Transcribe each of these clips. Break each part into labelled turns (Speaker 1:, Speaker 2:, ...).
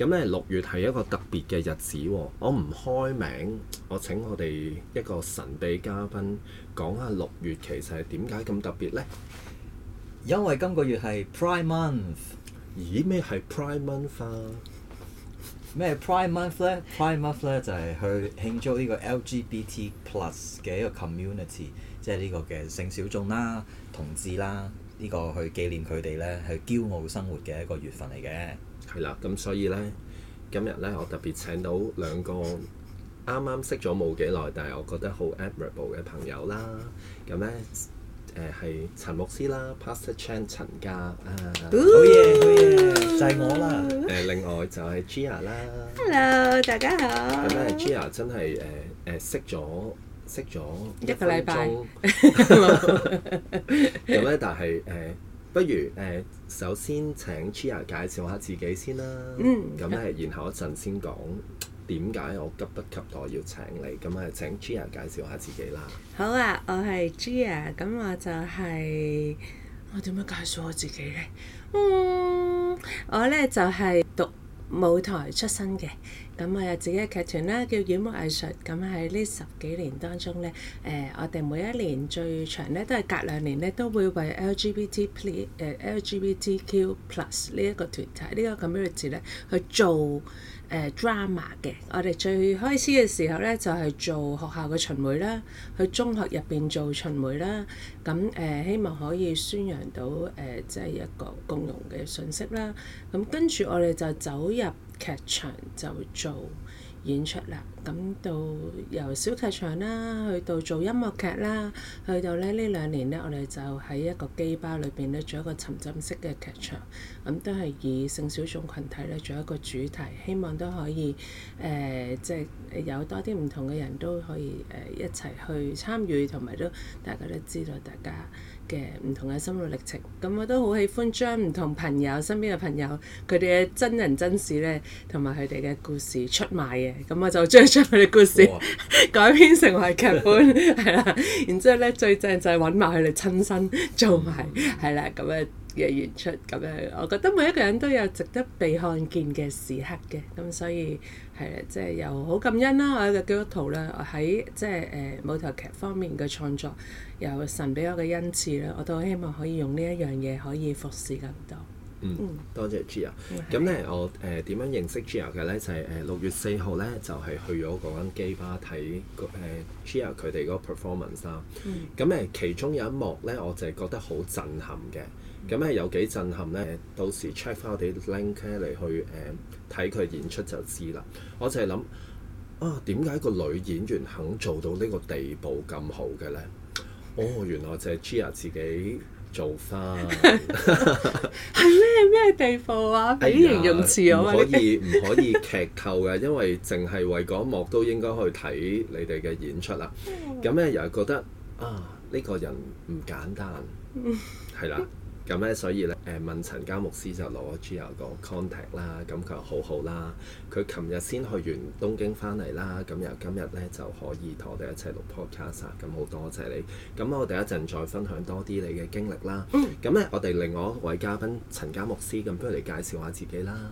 Speaker 1: 咁咧，六月係一個特別嘅日子喎、哦，我唔開名，我請我哋一個神秘嘉賓講下六月其實係點解咁特別呢？因為今個月係 Pride Month。咦？咩係 Pride Month 啊？
Speaker 2: 咩 pr Pride Month 咧？Pride Month 咧就係去慶祝呢個 LGBT plus 嘅一個 community，即係呢個嘅性小眾啦、同志啦。呢個去紀念佢哋咧，係驕傲生活嘅一個月份嚟嘅。係啦，咁所以
Speaker 1: 咧，今日咧，我特別請到兩個啱啱識咗冇幾耐，但係我覺得好 admirable 嘅朋友啦。咁咧，誒、呃、係陳牧師啦，Pastor Chan 陳嘉啊，好嘢好嘢，就係我啦。誒，另外就係 Gia 啦。
Speaker 3: Hello，大家好。咁咧
Speaker 1: ，Gia 真係誒誒識咗。.識咗一,一個禮拜，咁咧， 但係誒，不如誒、呃，首先請 Gia 介紹下自己先啦。嗯，咁咧，然後一陣先講點解我急不及待要請你，咁啊，請 Gia 介紹下自己啦。
Speaker 3: 好啊，我係 Gia，咁我就係、是、我點樣介紹我自己咧？嗯，我咧就係、是、讀舞台出身嘅。咁我有自己嘅劇團咧，叫演藝藝術。咁喺呢十幾年當中咧，誒，我哋每一年最長咧，都係隔兩年咧，都會為 LGBT plus 誒 LGBTQ plus 呢一個團體呢個 community 咧去做誒 drama 嘅。我哋最開始嘅時候咧，就係做學校嘅巡迴啦，去中學入邊做巡迴啦。咁誒，希望可以宣揚到誒，即係一個共融嘅信息啦。咁跟住我哋就走入劇場就做演出啦。咁到由小劇場啦，去到做音樂劇啦，去到咧呢兩年咧，我哋就喺一個機包裏邊咧，做一個沉浸式嘅劇場，咁、嗯、都係以性小眾群體咧做一個主題，希望都可以誒即係有多啲唔同嘅人都可以誒、呃、一齊去參與同埋都大家都知道大家嘅唔同嘅心路歷程。咁我都好喜歡將唔同朋友身邊嘅朋友佢哋嘅真人真事咧，同埋佢哋嘅故事出賣嘅。咁我就將。出佢哋故事改編成為劇本係啦， 然之後咧，最正就係揾埋佢哋親身做埋，係啦咁樣嘅演出咁樣。我覺得每一個人都有值得被看見嘅時刻嘅，咁所以係啦，即係、就是、又好感恩啦。我嘅基督徒啦，我喺即係誒舞台劇方面嘅創作，由神俾我嘅恩賜啦，我都希望可以用呢一樣嘢可以服侍更多。
Speaker 1: 嗯，多謝 Gia。咁咧、嗯，我誒點、呃、樣認識 Gia 嘅咧？就係誒六月四號咧，就係、是、去咗嗰間 gay bar 睇誒 Gia 佢哋嗰 performance 啦。咁誒、嗯、其中有一幕咧，我就係覺得好震撼嘅。咁係有幾震撼咧？到時 check 翻我哋 link 嚟去誒睇佢演出就知啦。我就係諗啊，點解個女演員肯做到呢個地步咁好嘅咧？哦，原來就係 Gia 自己。做翻
Speaker 3: 係咩咩地步啊？俾形容詞可以
Speaker 1: 唔 可以劇透嘅，因為淨係為嗰幕都應該去睇你哋嘅演出啦。咁咧又係覺得啊，呢、呢個人唔簡單，係啦。 咁咧，所以咧，誒問陳家牧師就攞 Gia 個 contact 啦，咁佢話好好啦。佢琴日先去完東京翻嚟啦，咁又今日咧就可以同我哋一齊錄 podcast 啦，咁好多謝你。咁我哋一陣再分享多啲你嘅經歷啦。咁咧、嗯，我哋另外一位嘉賓陳家牧師，咁不如你介紹下自己啦。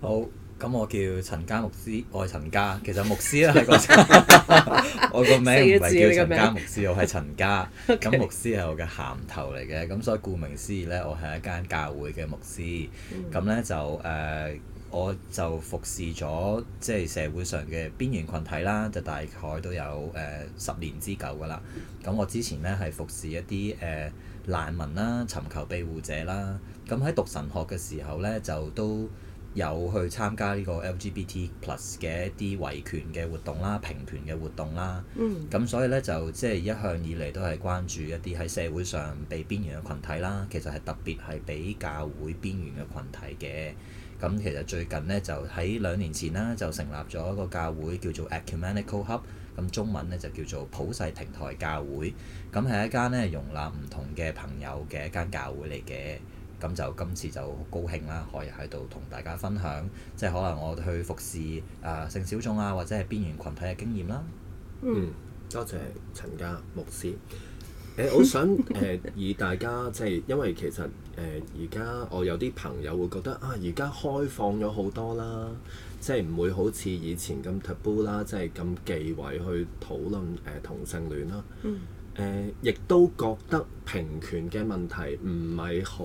Speaker 1: 好。咁我叫陳嘉牧師，愛陳嘉。其實牧師啦、那個， 我
Speaker 2: 個名唔係叫陳嘉牧師，我係陳嘉。咁 Okay. 牧師係我嘅銜頭嚟嘅，咁所以顧名思義咧，我係一間教會嘅牧師。咁咧就誒、呃，我就服侍咗即係社會上嘅邊緣群體啦，就大概都有誒、呃、十年之久㗎喇。咁我之前咧係服侍一啲誒、呃、難民啦、尋求庇護者啦。咁喺讀神學嘅時候咧，就都，有去參加呢個 LGBT plus 嘅一啲維權嘅活動啦、平權嘅活動啦，咁、嗯、所以咧就即係一向以嚟都係關注一啲喺社會上被邊緣嘅群體啦，其實係特別係畀教會邊緣嘅群體嘅。咁其實最近咧就喺兩年前啦就成立咗一個教會叫做 Ecumenical Hub，咁中文咧就叫做普世平台教會，咁係一間咧容納唔同嘅朋友嘅一間教會嚟嘅。咁就今次就好高興啦，可以喺度同大家分享，即係可能我去服侍啊、呃、性小眾啊或者係邊緣群體嘅經驗啦。嗯，
Speaker 1: 多謝陳嘉牧師。誒、欸，
Speaker 2: 我想誒、
Speaker 1: 呃、 以大家即係、就是、因為其實誒而家我有啲朋友會覺得啊，而家開放咗好多啦，即係唔會好似以前咁 taboo 啦，即係咁忌諱去討論誒、呃、同性戀啦。嗯。亦都覺得平權嘅問題唔係好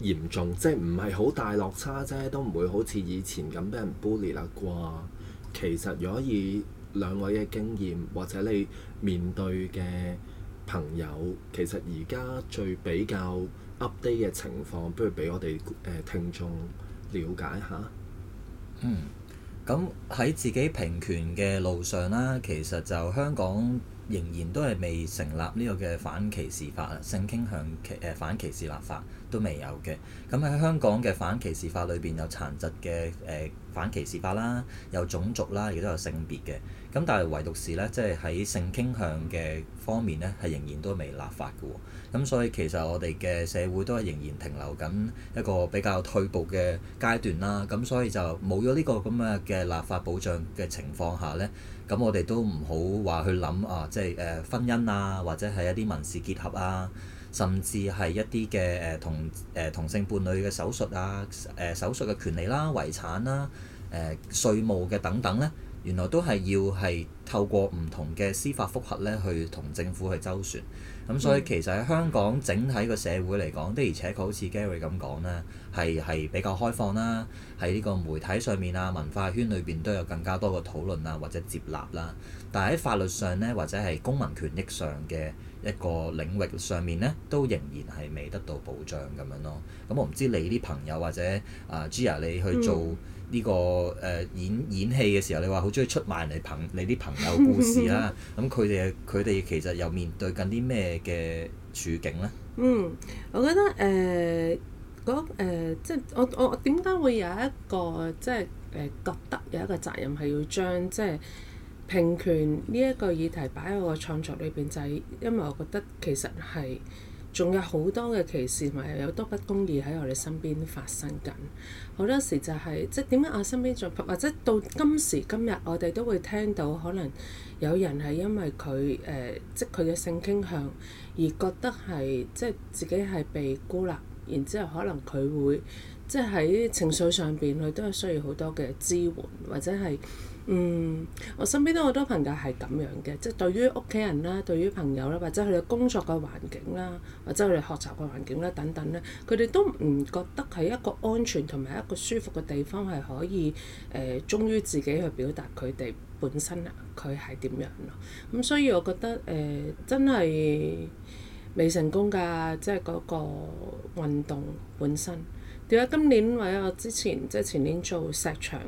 Speaker 1: 嚴重，即係唔係好大落差啫，都唔會好似以前咁俾人 bully 啦啩。其實，如果以兩位嘅經驗，或者你面對嘅朋友，其實而家最比較 update 嘅情況，不如俾我哋誒聽眾了解下。嗯。
Speaker 2: 咁喺自己平權嘅路上啦，其實就香港。仍然都係未成立呢個嘅反歧視法，性傾向歧誒反歧視立法都未有嘅。咁喺香港嘅反歧視法裏邊，有殘疾嘅誒、呃、反歧視法啦，有種族啦，亦都有性別嘅。咁但係唯獨是咧，即係喺性傾向嘅方面咧，係仍然都未立法㗎喎。咁所以其實我哋嘅社會都係仍然停留緊一個比較退步嘅階段啦。咁所以就冇咗呢個咁啊嘅立法保障嘅情況下咧。咁我哋都唔好話去諗啊，即係誒、呃、婚姻啊，或者係一啲民事結合啊，甚至係一啲嘅誒同誒、呃、同性伴侶嘅手術啊，誒、呃、手術嘅權利啦、啊、遺產啦、啊、誒、呃、稅務嘅等等咧，原來都係要係透過唔同嘅司法覆核咧，去同政府去周旋。咁所以其實喺香港整體個社會嚟講，的而且確好似 Gary 咁講啦，係係比較開放啦，喺呢個媒體上面啊、文化圈裏邊都有更加多嘅討論啊，或者接納啦。但係喺法律上呢，或者係公民權益上嘅一個領域上面呢，都仍然係未得到保障咁樣咯。咁我唔知你啲朋友或者啊 Gia 你去做。嗯呢、這個誒、呃、演演戲嘅時候，你話好中意出賣人哋朋你啲朋友故事啦、啊，咁佢哋佢哋其實又面對緊啲咩嘅處境呢？
Speaker 3: 嗯，我覺得誒，講、呃那個呃、即係我我點解會有一個即係誒覺得有一個責任係要將即係、就是、平權呢一個議題擺喺我個創作裏邊，就係、是、因為我覺得其實係。仲有好多嘅歧視，同埋有好多不公義喺我哋身邊發生緊。好多時就係、是、即係點解我身邊做，或者到今時今日，我哋都會聽到可能有人係因為佢誒、呃，即佢嘅性傾向而覺得係即係自己係被孤立，然之後可能佢會即係喺情緒上邊佢都係需要好多嘅支援，或者係。嗯，我身邊都好多朋友係咁樣嘅，即係對於屋企人啦、對於朋友啦，或者佢哋工作嘅環境啦，或者佢哋學習嘅環境啦等等咧，佢哋都唔覺得係一個安全同埋一個舒服嘅地方，係可以誒忠於自己去表達佢哋本身啊，佢係點樣咯？咁所以我覺得誒真係未成功㗎，即係嗰個運動本身。點解今年或者我之前即係前年做石牆？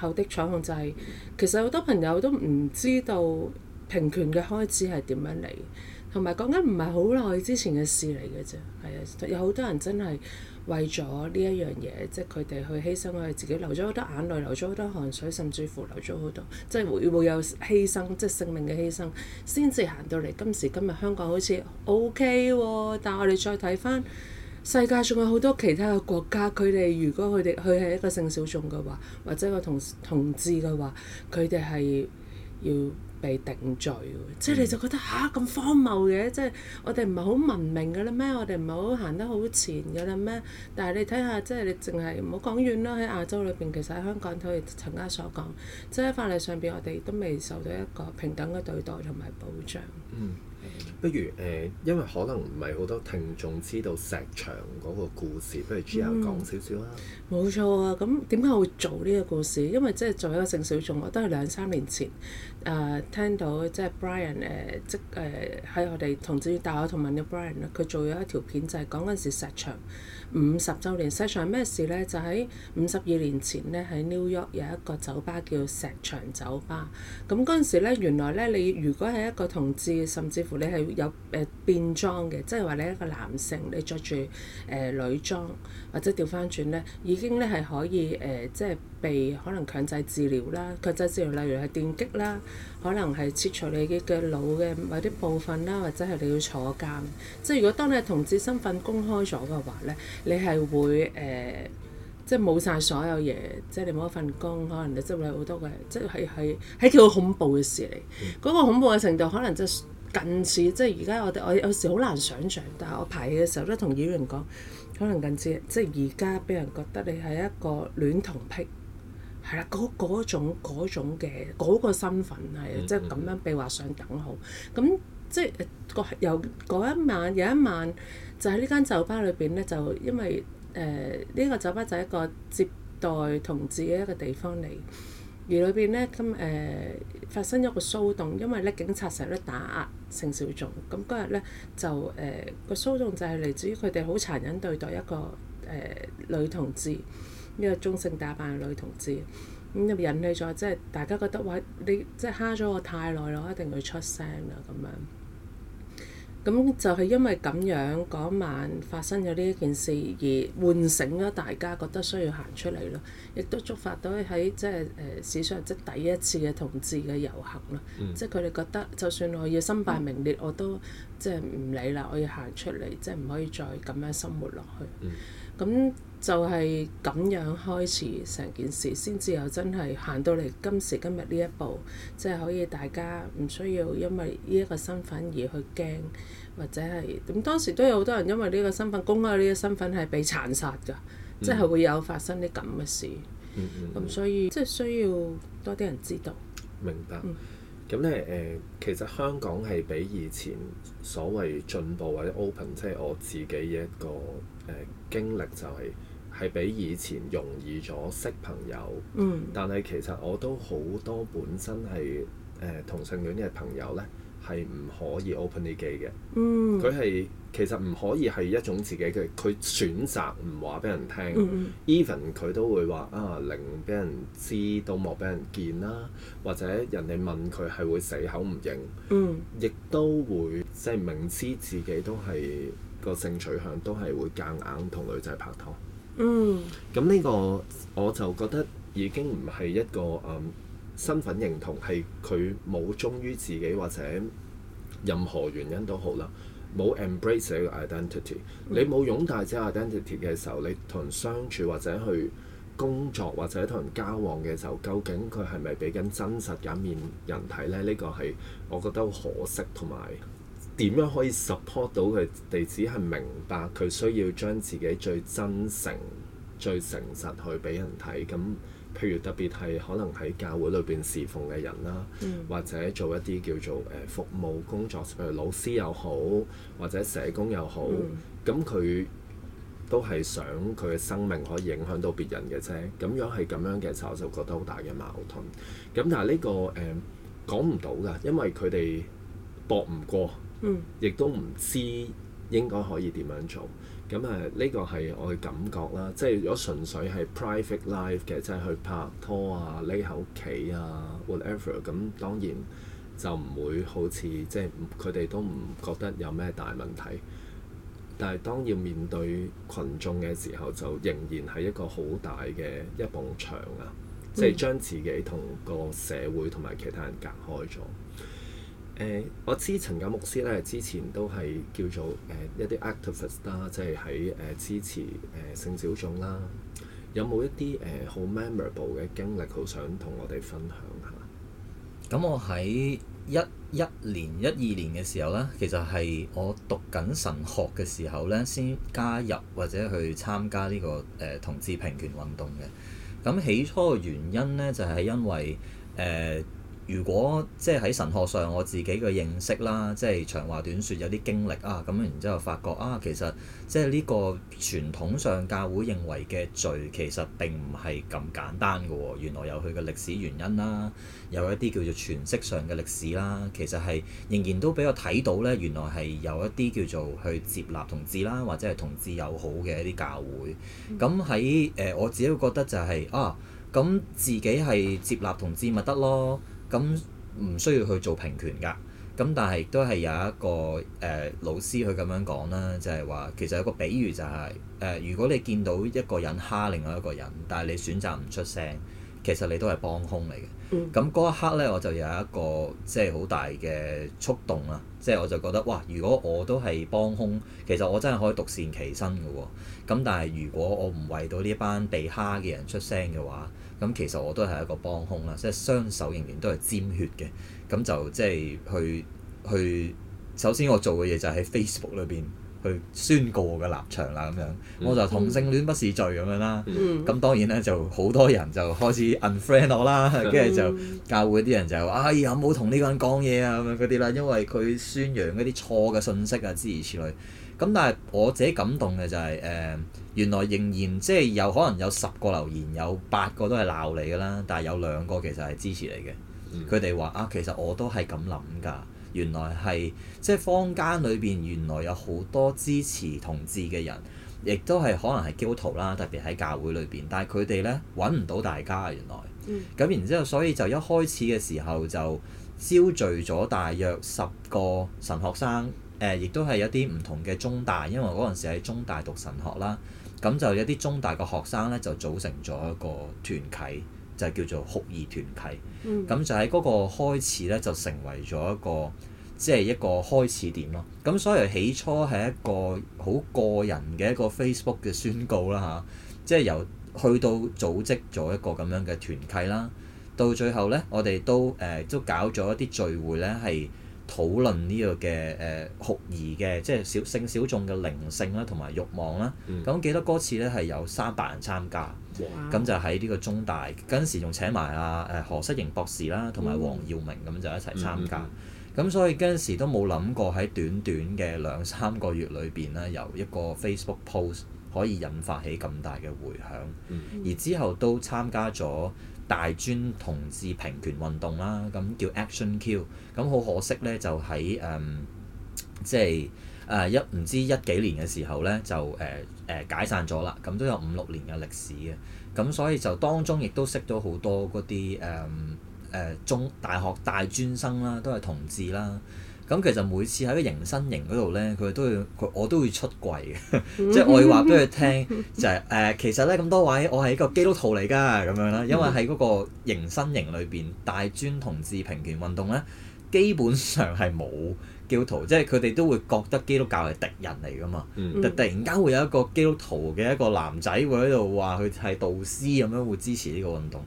Speaker 3: 後的彩虹就係、是，其實好多朋友都唔知道平權嘅開始係點樣嚟，同埋講緊唔係好耐之前嘅事嚟嘅啫。係啊，有好多人真係為咗呢一樣嘢，即係佢哋去犧牲，佢哋自己流咗好多眼淚，流咗好多汗水，甚至乎流咗好多，即係會有犧牲，即係性命嘅犧牲，先至行到嚟今時今日香港好似 OK 喎、哦。但係我哋再睇翻。世界上有好多其他嘅國家，佢哋如果佢哋佢係一個性小眾嘅話，或者個同同志嘅話，佢哋係要被定罪嘅。即係你就覺得嚇咁、嗯啊、荒謬嘅，即係我哋唔係好文明嘅啦咩？我哋唔係好行得好前嘅啦咩？但係你睇下，即係你淨係唔好講遠啦。喺亞洲裏邊，其實喺香港，佢哋陳嘉所講，即係法例上邊，我哋都未受到一個平等嘅對待同埋保障。嗯。
Speaker 1: 不如誒、呃，因為可能唔係好多聽眾知道石牆嗰個故事，不如 Gia 講少少
Speaker 3: 啦。冇、嗯、錯啊，咁點解會做呢個故事？因為即係做一個性小眾，我都係兩三年前誒、呃、聽到 Brian，呃，即係 Brian 誒即誒喺我哋同志大學同埋 New Brian，佢做咗一條片，就係講嗰陣時石牆五十週年。石牆咩事咧？就喺五十二年前咧，喺 New York 有一個酒吧叫石牆酒吧。咁嗰陣時咧，原來咧你如果係一個同志，甚至乎你。你係有誒變裝嘅，即係話你一個男性，你着住誒女裝，或者調翻轉咧，已經咧係可以誒、呃，即係被可能強制治療啦，強制治療，例如係電擊啦，可能係切除你嘅腦嘅某啲部分啦，或者係你，你要坐監。即係如果當你係同志身份公開咗嘅話咧，你係會誒、呃，即係冇晒所有嘢，即係你冇一份工，可能你即會好多嘅，即係係係係條恐怖嘅事嚟。嗰、那個恐怖嘅程度，可能即、就、係、是。近似，即係而家我哋我有時好難想像，但係我排嘢嘅時候都同演員講，可能近似，即係而家俾人覺得你係一個戀童癖，係啦，嗰嗰種嘅嗰、嗰個身份係的，即係咁樣被畫上等號。咁即係誒由嗰一晚有一晚就喺呢間酒吧裏邊咧，就因為誒呢、呃呢個酒吧就係一個接待同志嘅一個地方嚟。而裏邊咧，咁誒發生一個騷動，因為咧警察成日都打壓性小眾，咁嗰日咧就誒、呃那個騷動就係嚟自於佢哋好殘忍對待一個誒、呃、女同志，一個中性打扮嘅女同志，咁就引起咗即係大家覺得話你即係蝦咗我太耐咯，一定會出聲啦咁樣。咁就係因為咁樣嗰晚發生咗呢一件事，而喚醒咗大家覺得需要行出嚟咯，亦都觸發到喺即係誒、呃、史上即係第一次嘅同志嘅遊行咯，嗯、即係佢哋覺得就算我要身敗名裂，嗯、我都即係唔理啦，我要行出嚟，即係唔可以再咁樣生活落去。咁、嗯就係咁樣開始成件事，先至有真係行到嚟今時今日呢一步，即係可以大家唔需要因為呢一個身份而去驚，或者係咁，當時都有好多人因為呢個身份、公開呢個身份係被殘殺噶，嗯、即係會有發生啲咁嘅事。
Speaker 1: 嗯、咁所
Speaker 3: 以即係需要多啲人知道。
Speaker 1: 明白。咁咧誒，其實香港係比以前所謂進步或者 open，即係我自己嘅一個誒、呃、經歷就係、是。係比以前容易咗識朋友，嗯、但係其實我都好多本身係誒、呃、同性戀嘅朋友呢，係唔可以 open 啲 gay 嘅。佢係、嗯、其實唔可以係一種自己嘅佢選擇，唔話俾人聽。even 佢都會話啊，寧俾人知道莫俾人見啦，或者人哋問佢係會死口唔認，亦、嗯、都會即係、就是、明知自己都係、那個性取向都係會夾硬同女仔拍拖。
Speaker 4: 嗯，
Speaker 1: 咁呢個我就覺得已經唔係一個誒、嗯、身份認同，係佢冇忠於自己或者任何原因都好啦，冇 embrace、嗯、自己 identity，你冇擁戴自己 identity 嘅時候，你同人相處或者去工作或者同人交往嘅時候，究竟佢係咪俾緊真實一面人睇咧？呢、這個係我覺得可惜同埋。點樣可以 support 到佢哋？只係明白佢需要將自己最真誠、最誠實去俾人睇。咁譬如特別係可能喺教會裏邊侍奉嘅人啦，嗯、或者做一啲叫做誒服務工作，譬如老師又好，或者社工又好，咁佢、嗯、都係想佢嘅生命可以影響到別人嘅啫。咁樣係咁樣嘅時候，我就覺得好大嘅矛盾。咁但係、這、呢個誒、嗯、講唔到㗎，因為佢哋駁唔過。亦都唔知應該可以點樣做，咁誒呢個係我嘅感覺啦。即係如果純粹係 private life 嘅，即係去拍拖啊、匿喺屋企啊，whatever，咁當然就唔會好似即係佢哋都唔覺得有咩大問題。但係當要面對群眾嘅時候，就仍然係一個好大嘅一埲牆啊，即係、嗯、將自己同個社會同埋其他人隔開咗。誒、呃，我知陳嘉牧師咧，之前都係叫做誒、呃、一啲 activist 啦、啊，即係喺誒支持誒、呃、性小眾啦。有冇一啲誒好 memorable 嘅經歷，好想同我哋分享下？
Speaker 2: 咁我喺一一年、一二年嘅時候咧，其實係我讀緊神學嘅時候咧，先加入或者去參加呢、這個誒同志平權運動嘅。咁起初嘅原因咧，就係、是、因為誒。呃如果即係喺神學上我自己嘅認識啦，即係長話短説有啲經歷啊，咁然之後發覺啊，其實即係呢個傳統上教會認為嘅罪，其實並唔係咁簡單嘅喎、哦。原來有佢嘅歷史原因啦，有一啲叫做詮釋上嘅歷史啦，其實係仍然都比較睇到呢。原來係有一啲叫做去接納同志啦，或者係同志友好嘅一啲教會。咁喺誒我自己覺得就係、是、啊，咁自己係接納同志咪得咯。咁唔需要去做平權㗎，咁但係亦都係有一個誒、呃、老師佢咁樣講啦，就係、是、話其實有個比喻就係、是、誒、呃、如果你見到一個人蝦另外一個人，但係你選擇唔出聲，其實你都係幫兇嚟嘅。咁嗰、嗯、一刻咧，我就有一個即係好大嘅觸動啦。即係我就覺得，哇！如果我都係幫兇，其實我真係可以獨善其身嘅喎。咁但係如果我唔為到呢班被蝦嘅人出聲嘅話，咁其實我都係一個幫兇啦。即係雙手仍然都係沾血嘅，咁就即係去去。首先我做嘅嘢就係喺 Facebook 裏邊。去宣告我嘅立場啦咁樣，嗯、我就同性戀不是罪咁、嗯、樣啦。咁當然咧，就好多人就開始 unfriend 我啦。跟住、嗯、就教會啲人就話：哎呀，冇同呢個人講嘢啊咁樣嗰啲啦。因為佢宣揚一啲錯嘅信息啊，諸如此類。咁但係我自己感動嘅就係、是、誒、呃，原來仍然即係、就是、有可能有十個留言，有八個都係鬧你噶啦。但係有兩個其實係支持你嘅，佢哋話啊，其實我都係咁諗㗎。原來係即係坊間裏邊原來有好多支持同志嘅人，亦都係可能係基督徒啦，特別喺教會裏邊。但係佢哋呢，揾唔到大家，原來。嗯。咁然之後，所以就一開始嘅時候就招聚咗大約十個神學生，誒、呃，亦都係一啲唔同嘅中大，因為嗰陣時喺中大讀神學啦。咁就一啲中大嘅學生呢，就組成咗一個團體。就叫做酷兒團契，咁、嗯、就喺嗰個開始咧，就成為咗一個即係、就是、一個開始點咯。咁所以起初係一個好個人嘅一個 Facebook 嘅宣告啦，吓、啊，即、就、係、是、由去到組織咗一個咁樣嘅團契啦。到最後咧，我哋都誒、呃、都搞咗一啲聚會咧，係討論呢個嘅誒、呃、酷兒嘅即係小性小眾嘅靈性啦，同埋慾望啦。咁記得嗰次咧係有三百人參加。咁 Yeah. 就喺呢個中大嗰陣時、啊，仲請埋阿誒何式凝博士啦，同埋黃耀明咁、mm hmm. 就一齊參加。咁、mm hmm. 所以嗰陣時都冇諗過喺短短嘅兩三個月裏邊咧，由一個 Facebook post 可以引發起咁大嘅迴響。Mm hmm. 而之後都參加咗大專同志平權運動啦，咁叫 Action Q。咁好可惜咧，就喺誒。即係誒一唔知一幾年嘅時候咧，就誒誒、呃呃、解散咗啦。咁都有五六年嘅歷史嘅，咁、啊、所以就當中亦都識咗好多嗰啲誒誒中大學大專生啦、啊，都係同志啦。咁、啊、其實每次喺個迎新營嗰度咧，佢都會佢我都會出櫃
Speaker 4: 嘅，即 係我會話俾佢聽，
Speaker 2: 就係、是、誒、呃、其實咧咁多位，我係一個基督徒嚟㗎咁樣啦。因為喺嗰個迎新營裏邊，大專同志平權運動咧，基本上係冇。基督徒即係佢哋都會覺得基督教係敵人嚟㗎嘛，嗯、但突然間會有一個基督徒嘅一個男仔會喺度話佢係導師咁樣會支持呢個運動，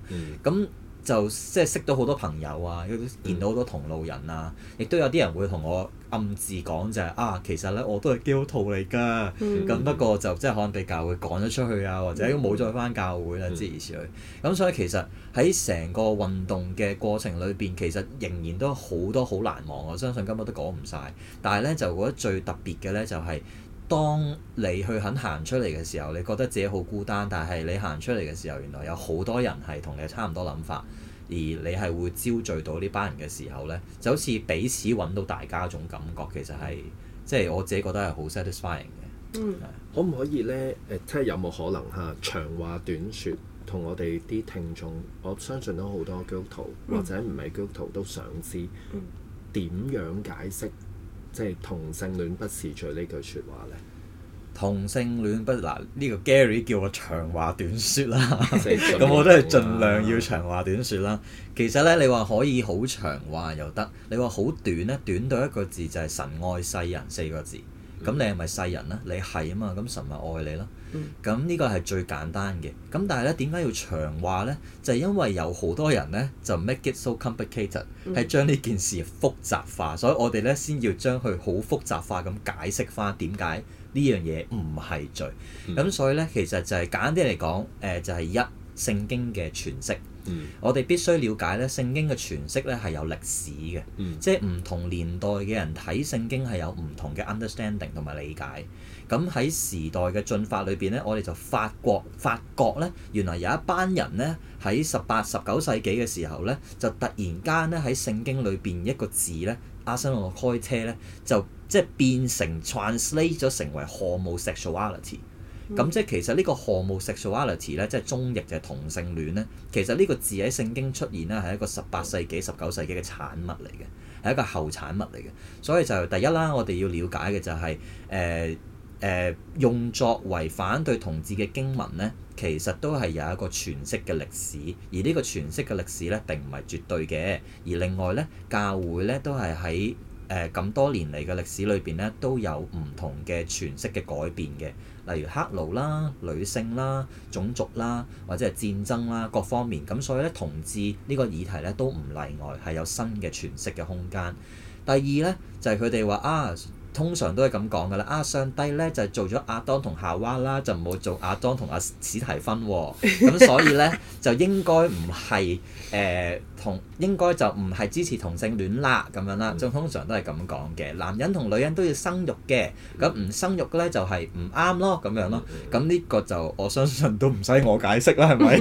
Speaker 2: 咁、嗯、就即係識到好多朋友啊，見到好多同路人啊，亦、嗯、都有啲人會同我。暗自講就係啊，其實咧我都係基督徒嚟㗎，咁、嗯、不過就即係可能被教會趕咗出去啊，或者冇再返教會啦、嗯、即如此類。咁所以其實喺成個運動嘅過程裏邊，其實仍然都好多好難忘。我相信根本都講唔晒。但係咧就覺得最特別嘅咧就係、是，當你去肯行出嚟嘅時候，你覺得自己好孤單，但係你行出嚟嘅時候，原來有好多人係同你差唔多諗法。而你係會招聚到呢班人嘅時候呢，就好似彼此揾到大家種感覺，其實係即係我自己覺得係好 satisfying 嘅。
Speaker 4: 嗯、是
Speaker 1: 可唔可以呢？誒、呃，即係有冇可能嚇，長話短説，同我哋啲聽眾，我相信都好多 g 基督徒、嗯、或者唔係基督徒都想知點、嗯、樣解釋即係同性戀不是罪呢句説話呢？同
Speaker 2: 性戀不嗱呢、呢個 Gary 叫我長話短説啦，咁 我都係盡量要長話短説啦。 其實咧，你話可以好長話又得，你話好短咧，短到一個字就係神愛世人四個字。咁、嗯、你係咪世人咧？你係啊嘛，咁神咪愛你咯。咁呢、嗯、個係最簡單嘅。咁但係咧，點解要長話咧？就係、是、因為有好多人咧就 make it so complicated，係、嗯、將呢件事複雜化，所以我哋咧先要將佢好複雜化咁解釋翻點解。呢樣嘢唔係罪，咁、嗯、所以咧，其實就係、是、簡單啲嚟講，誒、呃、就係、是、一聖經嘅詮釋。嗯、我哋必須了解咧，聖經嘅詮釋咧係有歷史嘅，嗯、即係唔同年代嘅人睇聖經係有唔同嘅 understanding 同埋理解。咁喺時代嘅進發裏邊咧，我哋就發覺發覺咧，原來有一班人咧喺十八十九世紀嘅時候咧，就突然間咧喺聖經裏邊一個字咧。發生我開車咧，就即係變成 translate 咗成為 homosexuality。咁即係其實呢個 homosexuality 咧，即係中譯就係同性戀咧。其實呢個字喺聖經出現咧，係一個十八世紀、十九世紀嘅產物嚟嘅，係一個後產物嚟嘅。所以就第一啦，我哋要了解嘅就係、是、誒。呃誒、呃、用作為反對同志嘅經文呢，其實都係有一個詮釋嘅歷史，而呢個詮釋嘅歷史呢，並唔係絕對嘅。而另外呢，教會呢都係喺咁多年嚟嘅歷史裏邊呢，都有唔同嘅詮釋嘅改變嘅，例如黑奴啦、女性啦、種族啦，或者係戰爭啦各方面。咁所以呢，同志呢個議題呢，都唔例外，係有新嘅詮釋嘅空間。第二呢，就係佢哋話啊。通常都係咁講噶啦，啊上帝咧就是、做咗亞當同夏娃啦，就冇做亞當同阿史提芬喎、哦，咁所以咧就應該唔係誒，同應該就唔係支持同性戀啦咁樣啦，就通常都係咁講嘅。男人同女人都要生育嘅，咁唔生育咧就係唔啱咯，咁樣咯。咁呢個就我相信都唔使我解釋啦，係咪？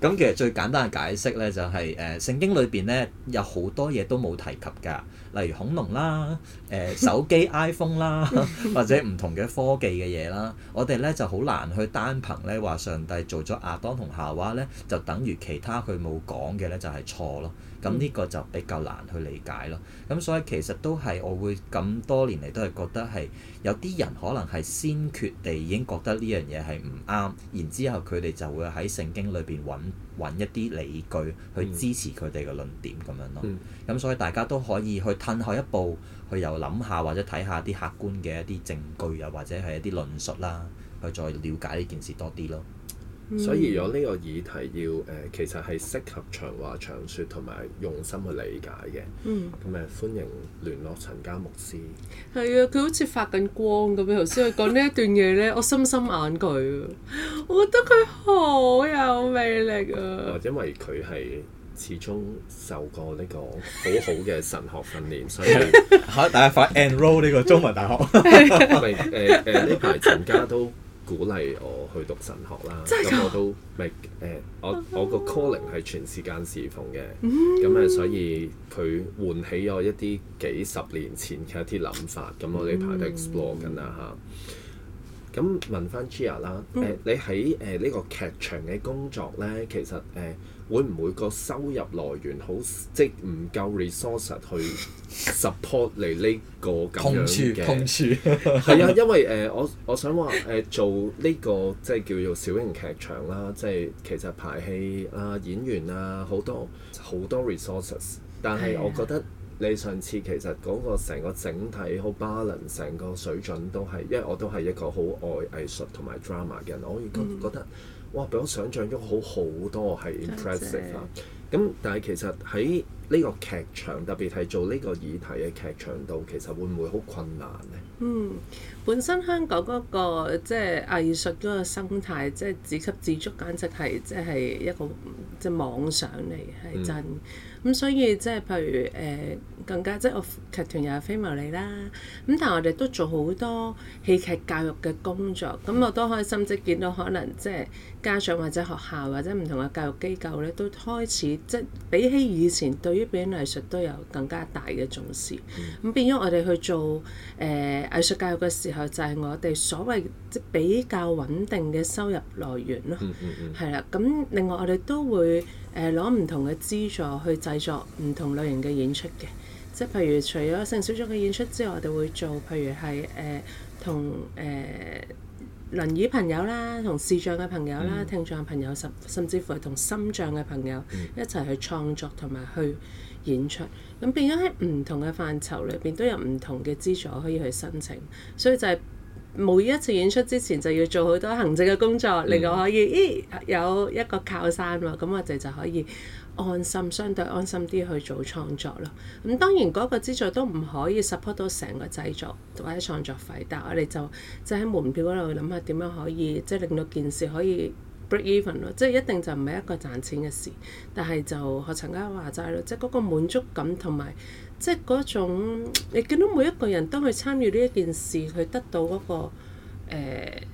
Speaker 2: 咁 其實最簡單嘅解釋咧就係、是、誒、呃、聖經裏邊咧有好多嘢都冇提及噶，例如恐龍啦，誒、呃、手機、啊 風啦， 或者唔同嘅科技嘅嘢啦，我哋咧就好難去單憑咧話上帝做咗亞當同夏娃咧，就等於其他佢冇講嘅咧就係錯咯。咁呢個就比較難去理解咯。咁所以其實都係我會咁多年嚟都係覺得係有啲人可能係先決地已經覺得呢樣嘢係唔啱，然後之後佢哋就會喺聖經裏邊揾揾一啲理據去支持佢哋嘅論點咁樣咯。咁所以大家都可以去褪後一步。佢又諗下或者睇下啲客觀嘅一啲證據又或者係一啲論述啦，
Speaker 1: 去再了解呢件事多啲咯。嗯、
Speaker 2: 所以有呢
Speaker 1: 個議題要誒、呃，其實係適合長話長説同埋用心去理解嘅。嗯。咁誒，歡迎聯絡陳嘉牧師。
Speaker 3: 係啊、嗯，佢好似發緊光咁樣，頭先佢講呢一段嘢咧， 我深深眼佢，我覺得佢好有魅力啊。或者，因為
Speaker 1: 佢係。始終受過呢個好好嘅神學訓練，所以 大家
Speaker 2: 快 enroll 呢個中文大學，因為誒呢排陳嘉都
Speaker 1: 鼓勵我去讀神學啦，咁、啊、我都咪誒我我個 calling 係全時間侍奉嘅，咁咧、 嗯啊、所以佢喚起咗一啲幾十年前嘅一啲諗法，咁我呢排都 explore 緊啊嚇。咁、啊、問翻 Gia 啦，誒、啊、你喺誒呢個劇場嘅工作咧，其實誒。啊會唔會個收入來源好即唔夠 resource 去 support 你呢個咁樣嘅？痛處 係啊，因為誒、呃、我我想話誒、呃、做呢、呢個即係叫做小型劇場啦，即係其實排戲啊、演員啊好多好多 resources，但係我覺得你上次其實嗰個成個整體好 balance，成個水準都係，因為我都係一個好愛藝術同埋 drama 嘅人，我亦都覺得。嗯哇！比我想像中好好多，係 impressive。咁但係其實喺呢個劇場，特別係做呢個議題嘅劇場度，其實會唔會好困難呢？嗯，
Speaker 3: 本身香港嗰、那個即係、就是、藝術嗰個生態，即係自給自足，簡直係即係一個即係、就是、妄想嚟，係真。嗯咁、嗯、所以即係譬如誒、呃、更加即係我劇團又係非牟利啦，咁但係我哋都做好多戲劇教育嘅工作。咁、嗯、我都開心即係見到可能即係家長或者學校或者唔同嘅教育機構咧，都開始即係比起以前對於表演藝術都有更加大嘅重視，咁、嗯、變咗我哋去做誒藝術教育嘅時候，就係、是、我哋所謂即係比較穩定嘅收入來源咯。係啦、嗯，咁、嗯嗯嗯、另外我哋都會。誒攞唔同嘅資助去製作唔同類型嘅演出嘅，即係譬如除咗性小眾嘅演出之外，我哋會做譬如係誒同誒輪椅朋友啦，同視障嘅朋友啦，嗯、聽障朋友，甚甚至乎係同心障嘅朋友一齊去創作同埋去演出。咁變咗喺唔同嘅範疇裏邊都有唔同嘅資助可以去申請，所以就係、是。每一次演出之前就要做好多行政嘅工作，令我、mm hmm. 可以，咦，有一個靠山喎，咁我哋就可以安心，相對安心啲去做創作咯。咁當然嗰個資助都唔可以 support 到成個製作或者創作費，但係我哋就就喺門票嗰度諗下點樣可以，即係令到件事可以 break even 咯。即係一定就唔係一個賺錢嘅事，但係就學陳嘉話齋咯，即係嗰個滿足感同埋。即係嗰種，你見到每一個人當佢參與呢一件事，佢得到嗰、嗰個、欸、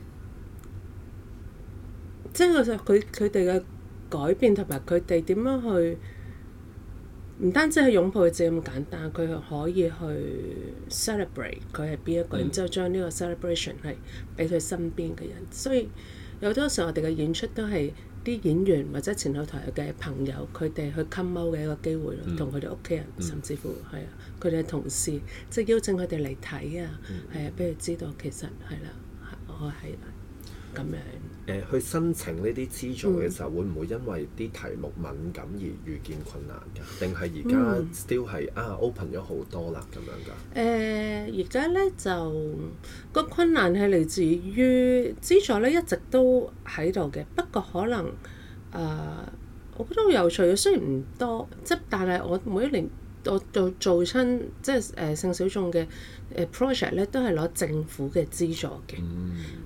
Speaker 3: 即係佢佢哋嘅改變同埋佢哋點樣去，唔單止係擁抱自己咁簡單，佢係可以去 celebrate 佢係邊一、嗯、個，然之後將呢個 celebration 係俾佢身邊嘅人。所以有好多時候我哋嘅演出都係。啲演員或者前後台嘅朋友，佢哋去 come out 嘅一個機會咯，同佢哋屋企人，甚至乎係啊，佢哋嘅同事，即係邀請佢哋嚟睇啊，係啊，俾佢知道其實係啦、啊，我係
Speaker 1: 咁樣。誒去申請呢啲資助嘅時候，會唔會因為啲題目敏感而遇見困難㗎？定係而家 still 係啊，open 咗好多啦咁樣㗎？誒、
Speaker 3: 呃，而家咧就、個困難係嚟自於資助咧一直都喺度嘅，不過可能誒、呃，我覺得好有趣嘅，雖然唔多，即但係我每一年我做做親即係誒性小眾嘅誒 project 咧，都係攞政府嘅資助嘅，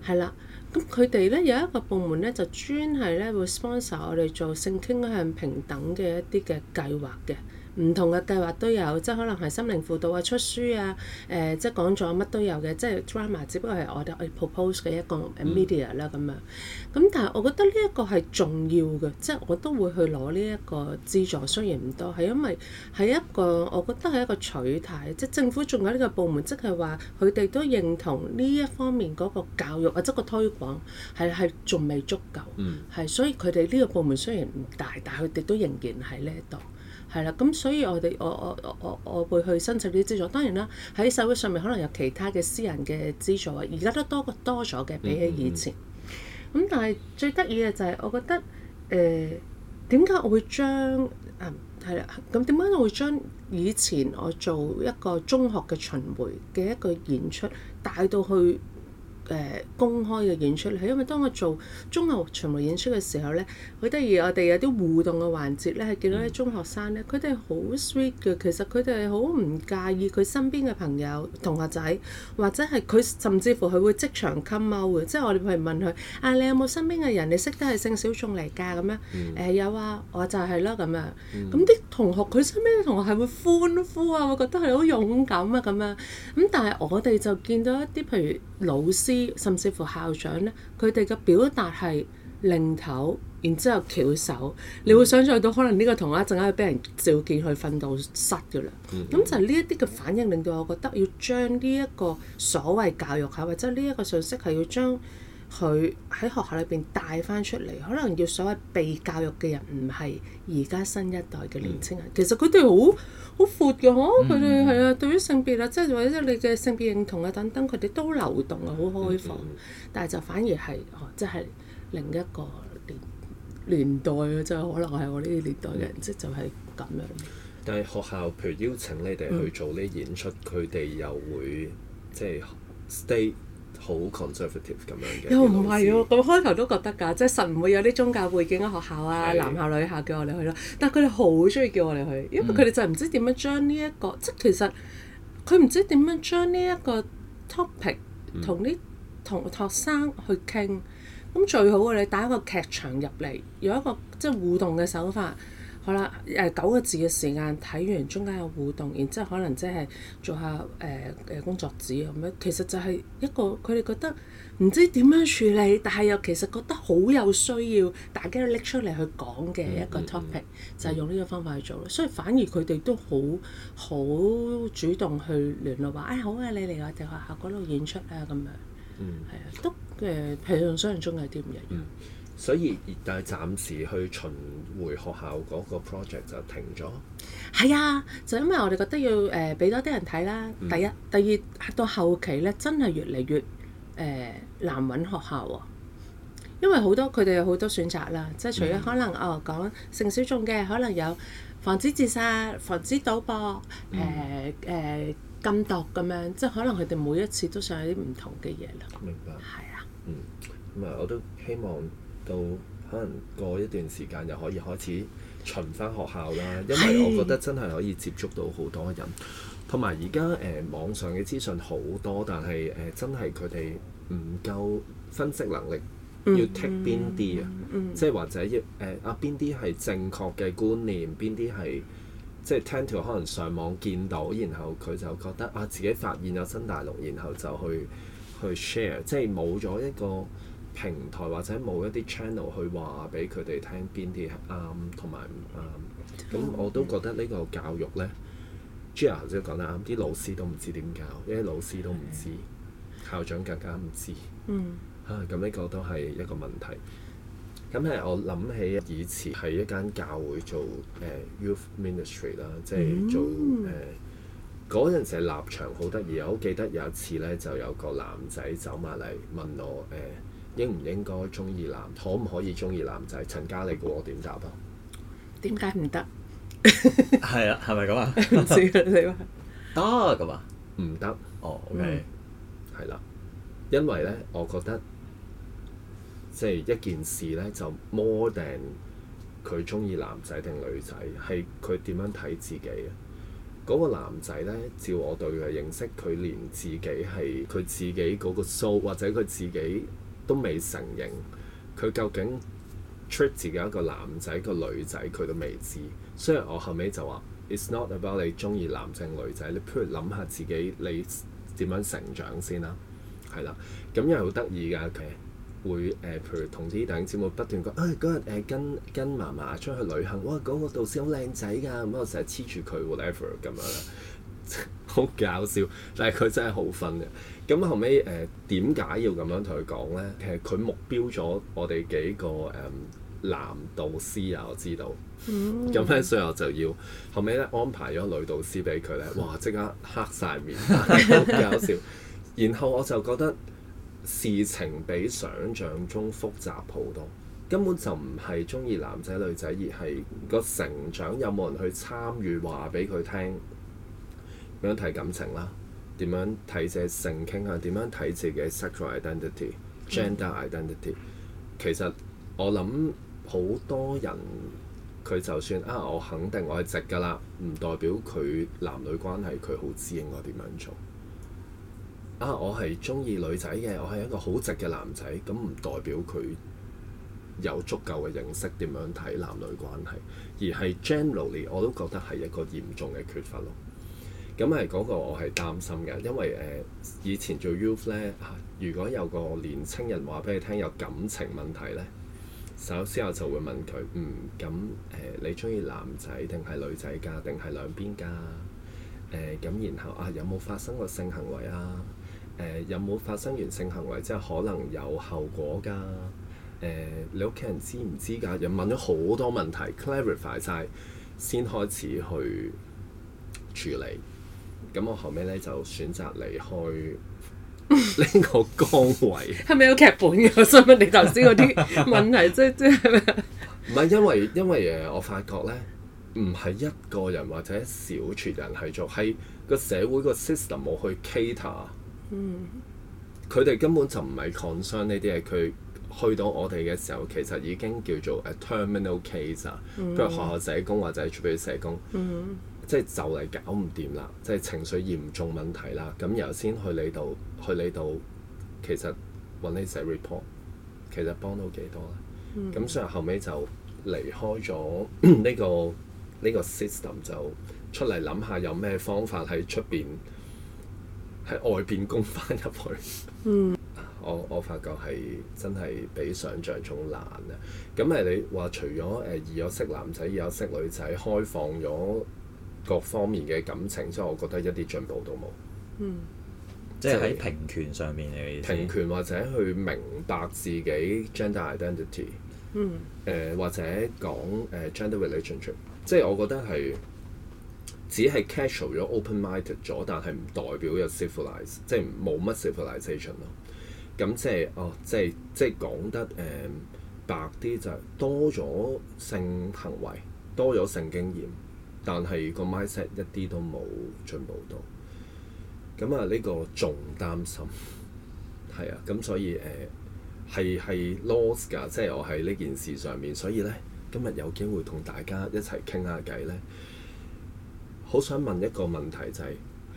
Speaker 3: 係啦。咁佢哋咧有一個部門咧就專係咧會 sponsor 我哋做性傾向平等嘅一啲嘅計劃嘅。唔同嘅計劃都有，即係可能係心靈輔導啊、出書啊、誒、呃、即係講咗乜都有嘅，即係 drama，只不過係我哋去 propose 嘅一個 media 啦咁、嗯、樣。咁但係我覺得呢一個係重要嘅，即係我都會去攞呢一個資助，雖然唔多，係因為係一個我覺得係一個取態，即係政府仲有呢個部門，即係話佢哋都認同呢一方面嗰個教育啊，即係個推廣係係仲未足夠，係、嗯、所以佢哋呢個部門雖然唔大，但係佢哋都仍然喺呢一度。係啦，咁所以我哋我我我我我會去申請啲資助。當然啦，喺社會上面可能有其他嘅私人嘅資助啊，而家都多過多咗嘅，比起以前。咁、mm hmm. 但係最得意嘅就係、是，我覺得誒點解我會將啊係啦，咁點解我會將以前我做一個中學嘅巡迴嘅一個演出帶到去？誒、呃、公開嘅演出係，因為當我做中學巡迴演出嘅時候咧，好得意，我哋有啲互動嘅環節咧，係見到啲中學生咧，佢哋好 sweet 嘅，其實佢哋係好唔介意佢身邊嘅朋友同學仔，或者係佢甚至乎佢會即場 come out 嘅，即係我哋去問佢啊，你有冇身邊嘅人你識得係性小眾嚟㗎？咁樣？誒、mm. 呃、有啊，我就係咯咁樣。咁啲、mm. 同學佢身邊嘅同學係會歡呼啊，會覺得係好勇敢啊咁樣。咁但係我哋就見到一啲譬如老師。甚至乎校長呢，佢哋嘅表達係擰頭，然之後翹手，你會想像到可能呢個同學一陣間會畀人召見去訓導室㗎喇。咁、嗯、就呢一啲嘅反應，令到我覺得要將呢一個所謂教育吓，或者呢一個信息係要將。佢喺學校裏邊帶翻出嚟，可能要所謂被教育嘅人唔係而家新一代嘅年輕人。嗯、其實佢哋好好闊嘅，嗬！佢哋係啊，對於性別啊，即係、嗯、或者你嘅性別認同啊等等，佢哋都流動啊，好開放。嗯嗯、但係就反而係即係另一個年年代嘅，就、可能係我呢個年代嘅人，即、嗯、就係咁樣。
Speaker 1: 但係學校譬如邀請你哋去做呢演出，佢哋、嗯、又會即係 stay。好 conservative 咁樣嘅，
Speaker 3: 又唔係喎。我開頭都覺得㗎，即係實唔會有啲宗教背景嘅學校啊，的男校、女校叫我哋去咯。但係佢哋好中意叫我哋去，因為佢哋就係唔知點樣將呢、這、一個，嗯、即係其實佢唔知點樣將呢一個 topic 同啲同學生去傾。咁最好我哋打一個劇場入嚟，有一個即係互動嘅手法。好啦，誒九個字嘅時間睇完，中間嘅互動，然之後可能即係做下誒誒、呃呃、工作紙咁樣，其實就係一個佢哋覺得唔知點樣處理，但係又其實覺得好有需要，大家拎出嚟去講嘅一個 topic，mm hmm. 就係用呢個方法去做，mm hmm. 所以反而佢哋都好好主動去聯絡話，誒、哎、好啊，你嚟我哋學校嗰度演出啊咁樣，
Speaker 1: 係、mm hmm. 啊，
Speaker 3: 都誒係想像中有啲唔一樣。Mm hmm.
Speaker 1: 所以而但係暫時去巡迴學校嗰個 project 就停咗。
Speaker 3: 係啊，就因為我哋覺得要誒俾、呃、多啲人睇啦。嗯、第一，第二到後期咧，真係越嚟越誒、呃、難揾學校喎、啊。因為好多佢哋有好多選擇啦，即係除咗可能、嗯、哦講性小眾嘅，可能有防止自殺、防止賭博、誒誒、嗯呃呃、禁毒咁樣，即係可能佢哋每一次都想啲唔同嘅嘢啦。明白。係啊。嗯。
Speaker 1: 咁啊，我都希望。到可能過一段時間又可以開始巡翻學校啦，因為我覺得真係可以接觸到好多人，同埋而家誒網上嘅資訊好多，但係誒、呃、真係佢哋唔夠分析能力，嗯、要 take 邊啲啊？嗯嗯、即係或者要誒啊邊啲係正確嘅觀念，邊啲係即係 tend to 可能上網見到，然後佢就覺得啊自己發現有新大陸，然後就去去 share，即係冇咗一個。平台或者冇一啲 channel 去話俾佢哋聽邊啲啱，同埋唔啱。咁我都覺得呢個教育呢，Gia 頭先講得啱，啲老師都唔知點教，啲老師都唔知，的校長更加唔知。嗯咁呢、啊、個都係一個問題。咁誒，我諗起以前喺一間教會做誒、呃、youth ministry 啦，即係做誒嗰陣時，立場好得意。我好記得有一次呢，就有個男仔走埋嚟問我誒。呃應唔應該中意男？可唔可以中意男仔？陳嘉莉估我點答 啊？
Speaker 3: 點解唔得？
Speaker 2: 係啊，係咪咁啊？
Speaker 1: 唔知你話得嘅嘛？唔得哦。OK，係啦，因為咧，我覺得即係、就是、一件事咧，就 more than 佢中意男仔定女仔，係佢點樣睇自己啊？嗰、那個男仔咧？照我對佢認識，佢連自己係佢自己嗰個 show，或者佢自己。都未承認，佢究竟 trip 自己一個男仔個女仔，佢都未知。雖然我後尾就話，it's not about 你中意男性女仔，你不如諗下自己你點樣成長先啦。係啦，咁又好得意㗎，佢會誒，譬如同啲等節目不斷講，誒嗰日，誒跟跟媽媽出去旅行，哇，嗰個導師好靚仔㗎，咁我成日黐住佢 whatever 咁樣。好 搞笑，但係佢真係好瞓嘅。咁後尾誒點解要咁樣同佢講呢？其實佢目標咗我哋幾個誒、嗯、男導師啊，我知道咁咧，嗯、所以我就要後尾咧安排咗女導師俾佢呢。哇！即刻黑晒面，好 搞笑。然後我就覺得事情比想像中複雜好多，根本就唔係中意男仔女仔，而係個成長有冇人去參與，話俾佢聽。點樣睇感情啦？點樣睇自己性傾向？點樣睇自己 sexual identity、gender identity？嗯、其實我諗好多人佢就算啊，我肯定我係直噶啦，唔代表佢男女關係佢好知應該點樣做。啊，我係中意女仔嘅，我係一個好直嘅男仔，咁唔代表佢有足夠嘅認識點樣睇男女關係，而係 generally 我都覺得係一個嚴重嘅缺乏咯。咁係嗰個，我係擔心嘅，因為誒、呃、以前做 youth 咧啊，如果有個年青人話俾你聽有感情問題咧，首先我就會問佢嗯咁誒、呃，你中意男仔定係女仔㗎？定係兩邊㗎？誒、呃、咁然後啊，有冇發生過性行為啊？誒、呃、有冇發生完性行為之後可能有後果㗎？誒、呃、你屋企人知唔知㗎？又問咗好多問題 clarify 晒，先開始去處理。咁我後尾咧就選擇離開呢個崗位，
Speaker 3: 係咪 有劇本嘅？所以你頭先嗰啲問題，即即係
Speaker 1: 唔係因為因為誒，我發覺咧，唔係一個人或者一小撮人去做，係個社會個 system 冇去 cater、
Speaker 4: mm。
Speaker 1: 佢、hmm. 哋根本就唔係 concern 呢啲嘢，佢去到我哋嘅時候，其實已經叫做 a terminal case 啊、mm，不、hmm. 如學校社工或者出邊社工。
Speaker 4: Mm hmm.
Speaker 1: 即係就嚟搞唔掂啦！即係情緒嚴重問題啦，咁由先去你度，去你度，其實揾呢隻 report，其實幫到幾多啦？咁所以後尾就離開咗呢個呢個 system，就出嚟諗下有咩方法喺出邊，喺外邊攻翻入去。嗯，我我發覺係真係比想象中難啊！咁誒，你話除咗誒而有識男仔，而有識女仔，開放咗，各方面嘅感情，所以我覺得一啲進步都冇。嗯，即係喺平權上面嘅平權或者去明白自己 gender identity。嗯。誒、呃，或者講誒、uh, gender relationship，即係我覺得係只係 casual 咗、open minded 咗，但係唔代表有 civilize，即係冇乜 civilization 咯。咁即係哦，即係即係講得誒、呃、白啲就係多咗性行為，多咗性經驗，但係 mind 個 mindset 一啲都冇進步到，咁啊呢個仲擔心，係啊，咁所以誒係、呃、係 loss 㗎，即係我喺呢件事上面，所以呢，今日有機會同大家一齊傾下偈呢，好想問一個問題就係、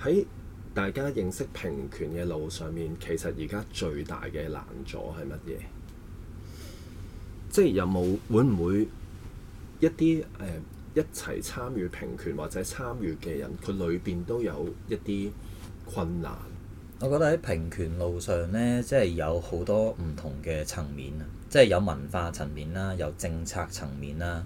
Speaker 1: 是、喺大家認識平權嘅路上面，其實而家最大嘅難阻係乜嘢？即係有冇會唔會一啲誒？呃一齊參與平權或者參與嘅人，佢裏邊都有一啲困難。我覺得喺平權路上呢，即係有好多唔同嘅
Speaker 2: 層面啊，即係有文化層面啦，有政策層面啦。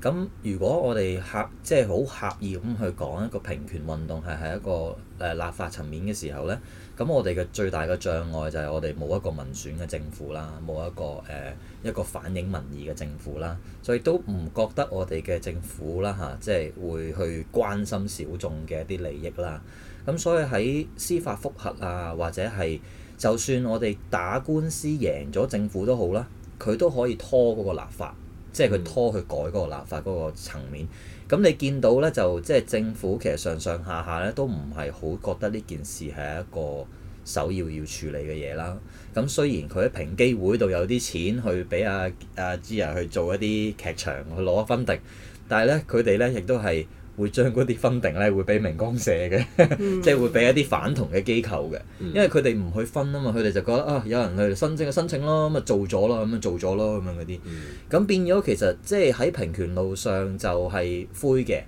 Speaker 2: 咁如果我哋合即係好刻意咁去講一個平權運動，係喺一個誒立法層面嘅時候呢。咁我哋嘅最大嘅障礙就係我哋冇一個民選嘅政府啦，冇一個誒、呃、一個反映民意嘅政府啦，所以都唔覺得我哋嘅政府啦嚇、啊，即係會去關心小眾嘅一啲利益啦。咁所以喺司法覆核啊，或者係就算我哋打官司贏咗政府都好啦，佢都可以拖嗰個立法，即係佢拖去改嗰個立法嗰個層面。咁你見到咧，就即係政府其實上上下下咧都唔係好覺得呢件事係一個首要要處理嘅嘢啦。咁雖然佢喺平機會度有啲錢去俾阿阿，阿 Gia 去做一啲劇場去攞一分迪，但係咧佢哋咧亦都係。會將嗰啲分定咧，會俾明光社嘅， 即係會俾一啲反同嘅機構嘅，因為佢哋唔去分啊嘛，佢哋就覺得啊，有人去申請嘅申請咯，咁咪做咗咯，咁咪做咗咯，咁樣嗰啲，咁變咗其實即係喺平權路上就係灰嘅，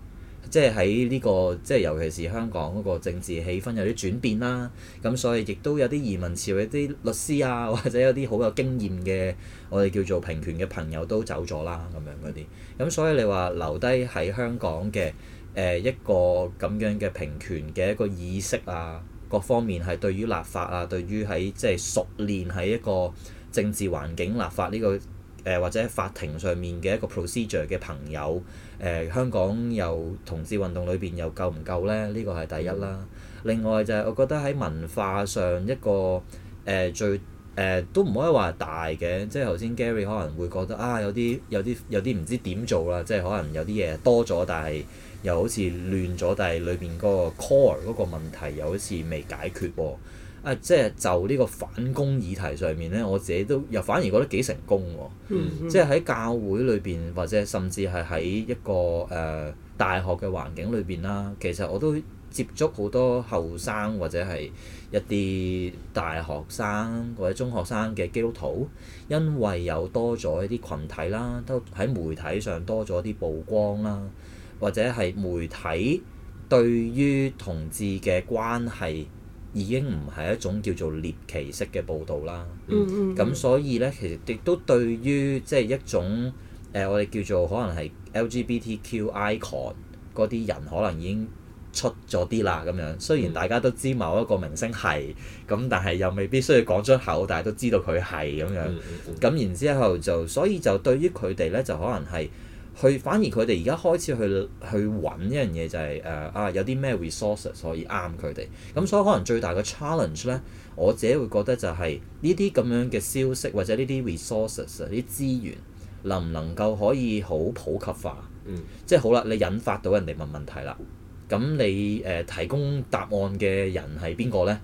Speaker 2: 即係喺呢個即係尤其是香港嗰個政治氣氛有啲轉變啦，咁所以亦都有啲移民潮，有啲律師啊或者有啲好有經驗嘅，我哋叫做平權嘅朋友都走咗啦，咁樣嗰啲，咁所以你話留低喺香港嘅。誒一個咁樣嘅平權嘅一個意識啊，各方面係對於立法啊，對於喺即係熟練喺一個政治環境立法呢、這個誒、呃，或者法庭上面嘅一個 procedure 嘅朋友誒、呃，香港又同志運動裏邊又夠唔夠呢？呢、這個係第一啦。另外就係我覺得喺文化上一個誒、呃、最誒、呃、都唔可以話大嘅，即係頭先 Gary 可能會覺得啊，有啲有啲有啲唔知點做啦，即、就、係、是、可能有啲嘢多咗，但係。又好似亂咗，但係裏邊嗰個 core 嗰個問題又好似未解決喎、哦。啊，即係就呢、是、個反攻議題上面呢，我自己都又反而覺得幾成功喎、哦。嗯 mm hmm. 即係喺教會裏邊或者甚至係喺一個誒、呃、大學嘅環境裏邊啦，其實我都接觸好多後生或者係一啲大學生或者中學生嘅基督徒，因為有多咗一啲群體啦，都喺媒體上多咗啲曝光啦。或者係媒體對於同志嘅關係已經唔係一種叫做獵奇式嘅報導啦。
Speaker 4: 咁、嗯嗯、
Speaker 2: 所以呢，其實亦都對於即係一種誒、呃，我哋叫做可能係 LGBTQ icon 嗰啲人，可能已經出咗啲啦咁樣。雖然大家都知某一個明星係咁，但係又未必需要講出口，但係都知道佢係咁樣。咁、嗯嗯嗯、然之後就，所以就對於佢哋呢，就可能係。去反而佢哋而家開始去去揾一樣嘢就係、是、誒啊有啲咩 resources 可以啱佢哋，咁所以可能最大嘅 challenge 咧，我自己會覺得就係呢啲咁樣嘅消息或者呢啲 resources 呢啲資源能唔能夠可以好普及化？嗯，即係好啦，你引發到人哋問問題啦，咁你誒、呃、提供答案嘅人係邊個咧？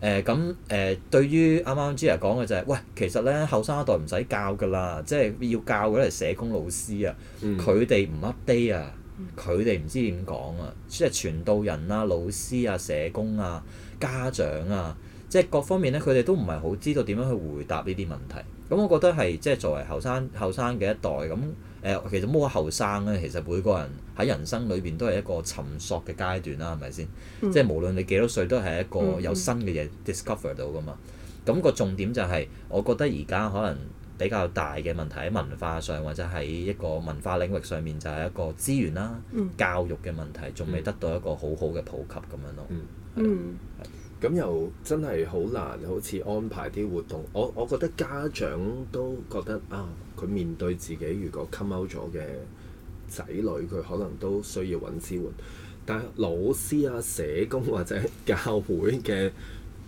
Speaker 2: 誒咁誒，對於啱啱 Gia 講嘅就係、是，喂，其實咧後生一代唔使教噶啦，即係要教嗰啲係社工老師、嗯、啊，佢哋唔 update 啊，佢哋唔知點講啊，即係傳道人啊、老師啊、社工啊、家長啊，即係各方面咧，佢哋都唔係好知道點樣去回答呢啲問題。咁我覺得係即係作為後生後生嘅一代咁。誒，其實冇乜後生咧，其實每個人喺人生裏邊都係一個尋索嘅階段啦，係咪先？嗯、即係無論你幾多歲，都係一個有新嘅嘢 discover 到噶嘛。咁、個重點就係、是，我覺得而家可能比較大嘅問題喺文化上，或者喺一個文化領域上面，就係一個
Speaker 1: 資源啦、啊、嗯、教育嘅問題，仲未得到一個好好嘅普及咁樣咯。咁又真係好難，好似安排啲活動。我我覺得家長都覺得啊，佢面對自己如果 come out 咗嘅仔女，佢可能都需要揾支援。但老師啊、社工或者教會嘅、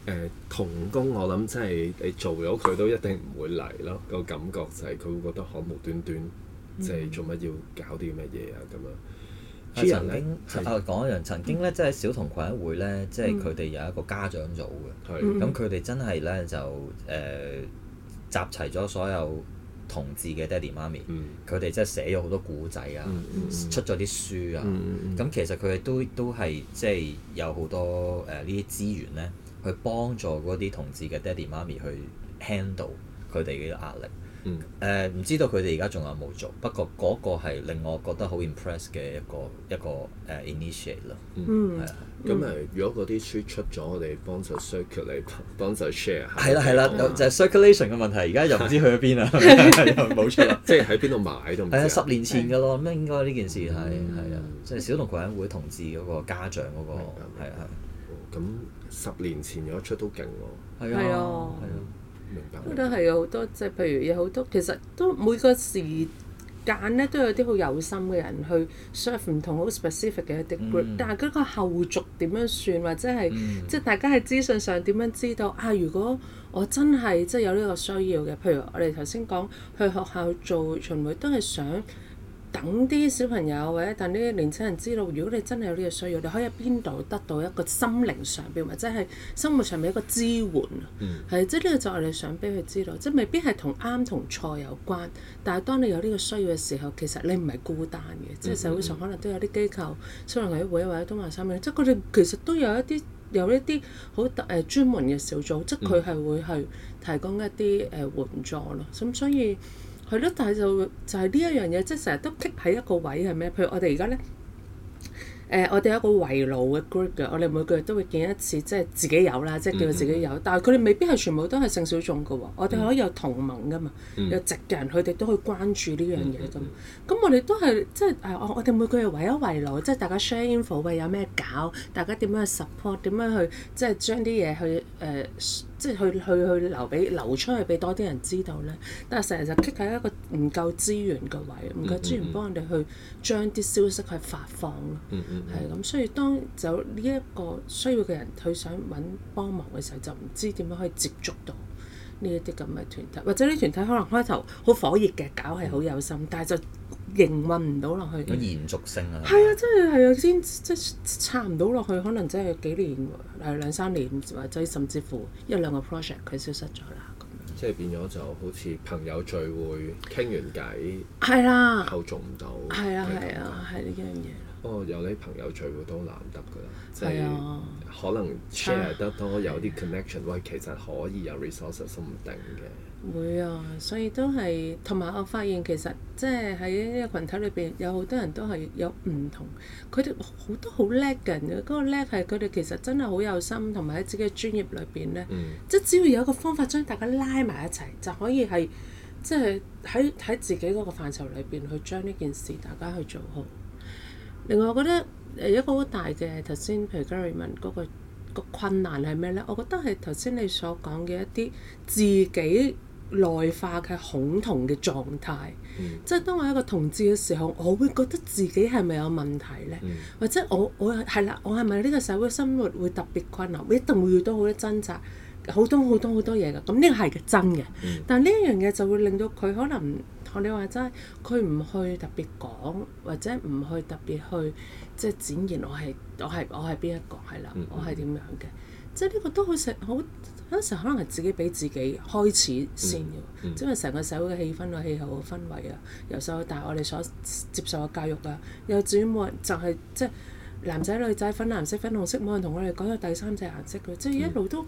Speaker 1: 呃、同工，我諗真係你做咗佢都一定唔會嚟咯。個感覺就係佢會覺得好無端端即係做乜要搞啲乜嘢啊咁、嗯、樣。係、啊、曾經、嗯、啊講一樣曾經咧，
Speaker 2: 即係、嗯、小童群一會小童群益會咧，即係佢哋有一個家長組嘅。係、嗯，咁佢哋真係咧就誒、呃、集齊咗所有同志嘅爹哋媽咪。佢哋即係寫咗好多古仔啊，嗯、出咗啲書啊。咁、嗯、其實佢哋都都係即係有好多誒呢啲資源咧，去幫助嗰啲同志嘅爹哋媽咪去 handle 佢哋嘅壓力。誒唔知道佢哋而家仲有冇做？不過嗰個係令我覺得好 impress 嘅一個一個誒 initiate 咯。嗯，係啊。咁誒，如果嗰啲書出咗，我哋幫手 circulate，幫手 share。係啦，係啦，就係 circulation 嘅問題。而家又唔知去咗邊啦，又冇錯。即係喺邊度買都唔知。啊，十年前嘅咯，咩應該呢件事係係啊，即係小童權益會同志嗰個家長嗰個係啊。咁
Speaker 1: 十年前有一出都勁喎。係啊，係啊。都都
Speaker 3: 係有好多，即係，譬如有好多，其實都每個時間咧都有啲好有心嘅人去 serve 唔同好 specific 嘅一啲 group 但係嗰個後續點樣算？或者係、嗯、即係大家喺資訊上點樣知道啊？如果我真係即係有呢個需要嘅，譬如我哋頭先講去學校做巡迴都係想。等啲小朋友或者等啲年青人知道，如果你真係有呢個需要，你可以喺邊度得到一個心靈上邊或者係生活上面一個支援啊？係，即係呢個就係、是、你想俾佢知道，即、就、係、是、未必係同啱同錯有關，但係當你有呢個需要嘅時候，其實你唔係孤單嘅，即係社會上可能都有啲機構，收容委會或者東華三院，即係佢哋其實都有一啲有一啲好特誒專門嘅小組，即係佢係會去提供一啲誒、呃、援助咯。咁所以。所以係咯，但係就就係呢一樣嘢，即係成日都棘喺一個位係咩？譬如我哋而家咧，誒、呃、我哋有一個圍爐嘅 group 嘅，我哋每個月都會見一次，即係自己有啦，即係叫佢自己有。己有 mm hmm. 但係佢哋未必係全部都係性小眾嘅喎，我哋可以有同盟㗎嘛，mm hmm. 有直人，佢哋都可以關注呢樣嘢咁。咁我哋都係即係、啊、我我哋每個月圍一圍爐，即係大家 share info，喂有咩搞，大家點樣去 support，點樣去即係將啲嘢去誒。呃即係去去去留俾留出去俾多啲人知道咧，但係成日就棘喺一個唔夠資源嘅位，唔夠資源幫人哋去將啲消息去發放，係咁、嗯嗯嗯。所以當就呢一個需要嘅人，佢想揾幫忙嘅時候，就唔知點樣可以接觸到呢一啲咁嘅團體，或者呢團體可能開頭好火熱嘅，搞係好有心，但係就。營運唔到落去，有延
Speaker 2: 續
Speaker 1: 性啊！係啊，
Speaker 3: 真係係啊，先即係撐唔到落去，可能真係幾年誒兩三年，或者甚至乎一兩個 project 佢消失咗啦。咁
Speaker 1: 樣即係變咗就好似朋友聚會傾完偈，
Speaker 3: 係啦，
Speaker 1: 構造唔到，係啊係啊，係呢樣嘢。不過，有啲朋友聚會都難得㗎，即係啦可能 share 得多，有啲 connection，喂啦，其實可以有 resources 都唔定嘅。
Speaker 3: 會啊，所以都係同埋我發現其實即係喺呢個群體裏邊有好多人都係有唔同，佢哋好多好叻嘅人，嗰、嗰個叻係佢哋其實真係好有心，同埋喺自己嘅專業裏邊呢即、嗯、只要有一個方法將大家拉埋一齊就可以係即係喺喺自己嗰個範疇裏邊去將呢件事大家去做好。另外，我覺得誒一個好大嘅頭先，譬如 Gary 問嗰、嗰個、嗰個困難係咩呢？我覺得係頭先你所講嘅一啲自己。內化嘅恐同嘅狀態，嗯、即係當我一個同志嘅時候，我會覺得自己係咪有問題呢？嗯、或者我我係啦，我係咪呢個社會生活會特別困難，我一定會遇到好多掙扎，好多好多好多嘢嘅？咁呢個係真嘅，嗯、但係呢一樣嘢就會令到佢可能我你話齋，佢唔去特別講，或者唔去特別去即係展現我係我係我係邊一個係啦，我係點樣嘅？即係呢個都好成好。嗰陣時可能係自己俾自己開始先嘅，嗯嗯、因為成個社會嘅氣氛、個氣候、個氛圍啊，由細到大我哋所接受嘅教育啊，幼稚園冇人就係即係男仔女仔粉藍色、粉紅色，冇人同我哋講有第三隻顏色嘅，即係一路都。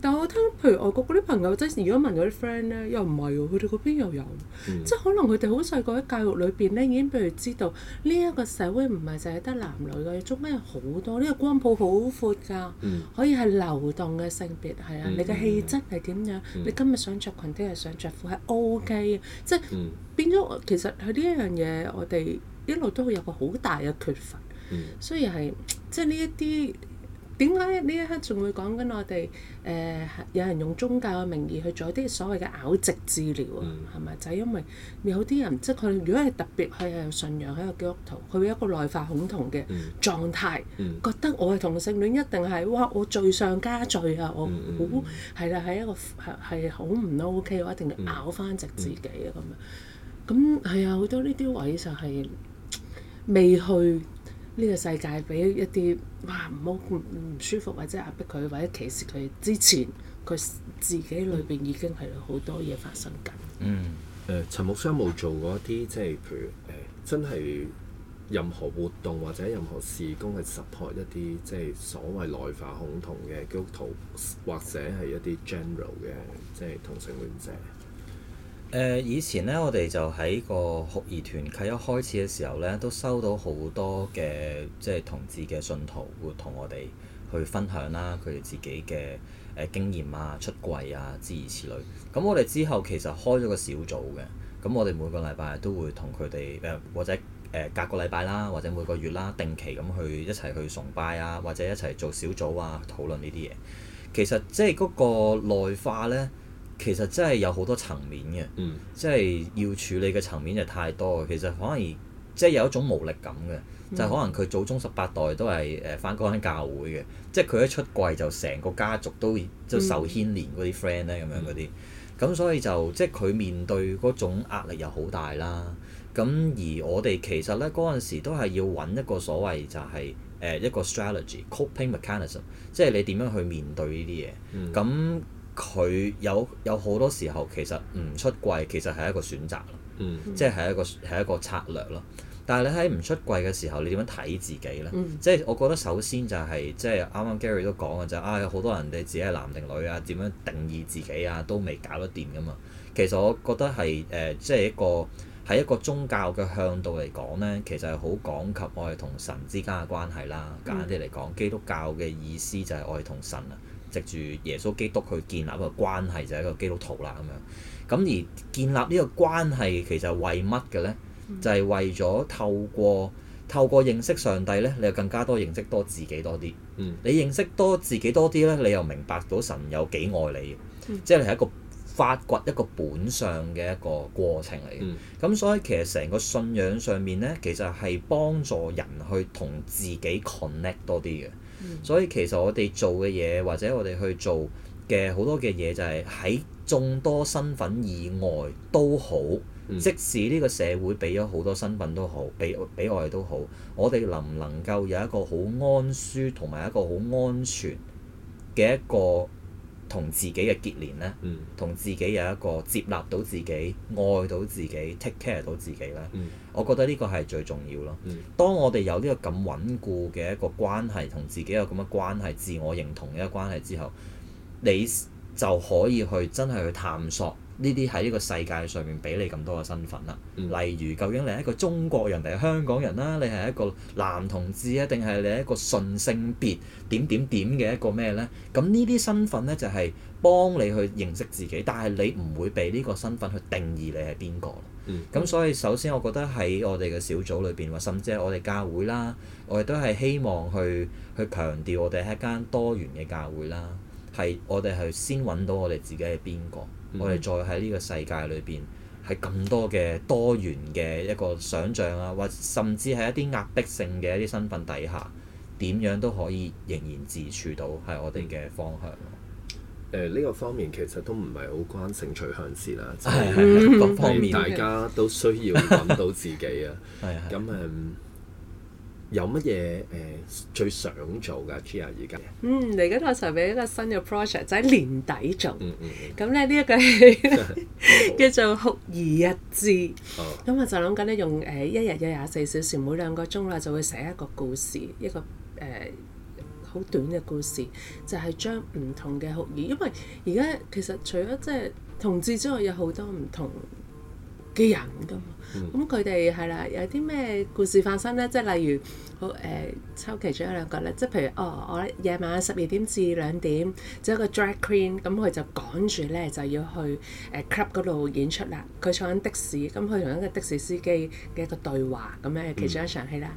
Speaker 3: 但我聽，譬如外國嗰啲朋友即如果問我啲 friend 咧，又唔係喎，佢哋嗰邊又有，嗯、即係可能佢哋好細個喺教育裏邊咧，已經譬如知道呢一、這個社會唔係淨係得男女嘅，中間有好多，呢、這個光譜好闊㗎，嗯、可以係流動嘅性別係啊，嗯、你嘅氣質係點樣，嗯、你今日想着裙，定係想着褲係 O K 嘅，即係、嗯、變咗。其實佢呢一樣嘢，我哋一路都會有個好大嘅缺乏，嗯、所以係即係呢一啲。點解呢一刻仲會講緊我哋誒、呃、有人用宗教嘅名義去做啲所謂嘅拗直治療啊？係咪、嗯、就係、因為有啲人即係佢如果係特別佢係信仰喺個基督徒，佢會有一個內化恐同嘅狀態，嗯嗯、覺得我係同性戀一定係哇我罪上加罪啊！我好係啦，係一個係好唔 OK，我一定拗返直自己啊咁、嗯嗯、樣。咁係啊，好多呢啲位就係未去。呢個世界俾一啲哇，唔好唔舒服或者壓迫佢或者歧視佢之前，佢自己裏邊已經係好多嘢發生緊。嗯，
Speaker 1: 誒、陳、呃、木生冇做過一啲即係譬如誒、呃、真係任何活動或者任何事工，工去 support 一啲即係所謂內化恐同嘅基督徒，或者係一啲 general 嘅即係同性戀者？
Speaker 2: 誒以前咧，我哋就喺個酷兒團契一開始嘅時候咧，都收到好多嘅即係同志嘅信徒會同我哋去分享啦，佢哋自己嘅誒經驗啊、出櫃啊諸如此類。咁我哋之後其實開咗個小組嘅，咁我哋每個禮拜都會同佢哋誒或者誒隔個禮拜啦，或者每個月啦定期咁去一齊去崇拜啊，或者一齊做小組啊討論呢啲嘢。其實即係嗰個內化咧。其實真係有好多層面嘅，嗯、即係要處理嘅層面就太多。其實可能即係、就是、有一種無力感嘅，嗯、就可能佢祖宗十八代都係誒返嗰間教會嘅，即係佢一出櫃就成個家族都即受牽連嗰啲 friend 咧咁、嗯、樣嗰啲。咁所以就即係佢面對嗰種壓力又好大啦。咁而我哋其實咧嗰陣時都係要揾一個所謂就係、是、誒、呃、一個 strategy coping mechanism，即係你點樣去面對呢啲嘢。咁、嗯嗯佢有有好多時候，其實唔出櫃其實係一個選擇、
Speaker 4: mm hmm. 即係
Speaker 2: 一個係一個策略咯。但係你喺唔出櫃嘅時候，你點樣睇自己呢？Mm hmm. 即係我覺得首先就係、是、即係啱啱 Gia 都講嘅就係、是、啊，有好多人哋自己係男定女啊，點樣定義自己啊，都未搞得掂㗎嘛。其實我覺得係誒、呃，即係一個喺一個宗教嘅向度嚟講呢，其實係好講及愛同神之間嘅關係啦。簡單啲嚟講，基督教嘅意思就係愛同神啊。藉住耶穌基督去建立個關係，就係、是、一個基督徒啦咁樣。咁而建立呢個關係，其實係為乜嘅咧？嗯、就係為咗透過透過認識上帝咧，你又更加多認識多自己多啲。嗯、你認識多自己多啲咧，你又明白到神有幾愛你。
Speaker 4: 嗯、即
Speaker 2: 係你係一個發掘一個本相嘅一個過程嚟嘅。咁、嗯、所以其實成個信仰上面咧，其實係幫助人去同自己 connect 多啲嘅。所以其實我哋做嘅嘢，或者我哋去做嘅好多嘅嘢，就係喺眾多身份以外都好，嗯、即使呢個社會俾咗好多身份都好，俾俾我哋都好，我哋能唔能夠有一個好安舒同埋一個好安全嘅一個同自己嘅結連咧，嗯、同自己有一個接納到自己、愛到自己、take care 到自己咧，嗯、我覺得呢個係最重要咯。嗯、當我哋有呢個咁穩固嘅一個關係，同自己有咁嘅關係、自我認同嘅一個關係之後，你就可以去真係去探索。呢啲喺呢個世界上面俾你咁多嘅身份啦，嗯、例如究竟你係一個中國人定係香港人啦？你係一個男同志啊，定係你係一個順性別點點點嘅一個咩呢？咁呢啲身份呢，就係、是、幫你去認識自己，但係你唔會俾呢個身份去定義你係邊個。咁、嗯、所以首先我覺得喺我哋嘅小組裏邊，或甚至係我哋教會啦，我哋都係希望去去強調我哋係一間多元嘅教會啦。係我哋係先揾到我哋自己係邊個。我哋再喺呢個世界裏邊，喺咁多嘅多元嘅一個想像啊，或甚至係一啲壓迫性嘅一啲身份底下，點樣都可以仍然自處到，係我哋嘅
Speaker 1: 方向。誒呢、嗯呃這個方面其實都唔係好關性取向事啦，係、就、係、是、 各方面 大家都需要揾到自己啊。係係咁誒。是有乜嘢誒最想做㗎？Gia 而家
Speaker 3: 嗯嚟緊，我就俾一個新嘅 project，就喺、是、年底做。咁咧呢一個戲 叫做酷兒日誌。咁、哦嗯、我就諗緊咧用誒一日有廿四小時，每兩個鐘啦就會寫一個故事，一個誒好、呃、短嘅故事，就係將唔同嘅酷兒，因為而家其實除咗即係同志之外，有好多唔同嘅人噶嘛。嗯咁佢哋係啦，有啲咩故事發生呢？即係例如，好誒、呃，抽其中一兩個咧，即係譬如哦，我夜晚十二點至兩點，就一個 drag queen，咁、嗯、佢就趕住咧就要去誒、呃、club 嗰度演出啦。佢坐緊的士，咁佢同一個的士司機嘅一個對話咁樣呢，其中一場戲啦。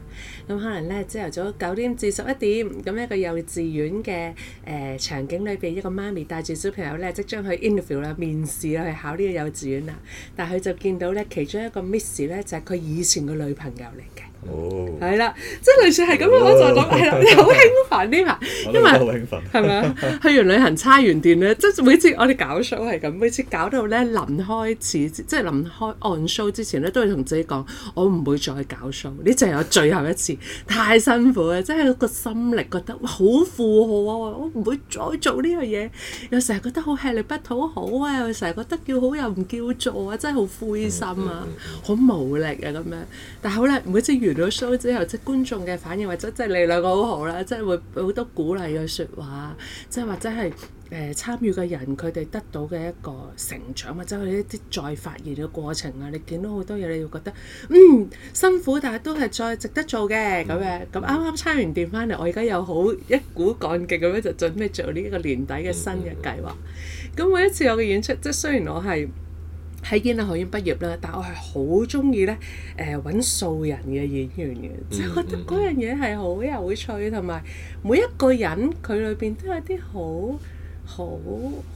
Speaker 3: 咁、嗯、可能咧，朝頭早九點至十一點，咁一個幼稚園嘅誒、呃、場景裏邊，一個媽咪帶住小朋友咧，即將去 interview 啦、面試啦，去考呢個幼稚園啦。但係佢就見到咧，其中一個時就係佢以前嘅女朋友嚟嘅。
Speaker 4: 哦，係
Speaker 3: 啦，即係類似係咁樣我就係咁，係啦，好興奮啲啊，我都好興奮，係咪為 去完旅行，叉完電咧，即係每次我哋搞 show 係咁，每次搞到咧臨開始，即係臨開 on show 之前咧，都會同自己講：我唔會再搞 show，呢次係我最後一次，太辛苦啦！即係個心力覺得哇好負荷啊，我唔會再做呢樣嘢。有成日覺得好吃力不討好啊，又成日覺得叫好又唔叫做啊，真係好灰心啊，好無力啊咁樣。但係好啦，每次完咗 show 之後，即係觀眾嘅反應，或者即係你兩個好好啦，即係會好多鼓勵嘅説話，即係或者係誒、呃、參與嘅人佢哋得到嘅一個成長，或者佢哋一啲再發現嘅過程啊，你見到好多嘢，你會覺得嗯，辛苦，但係都係再值得做嘅咁樣。咁啱啱叉完電翻嚟，我而家有好一股幹勁咁樣就準備做呢個年底嘅新嘅計劃。咁每一次我嘅演出，即係雖然我係。喺演藝學院畢業啦，但我係好中意咧，誒揾素人嘅演員嘅，即係、mm hmm. 覺得嗰樣嘢係好有趣，同埋每一個人佢裏邊都有啲好好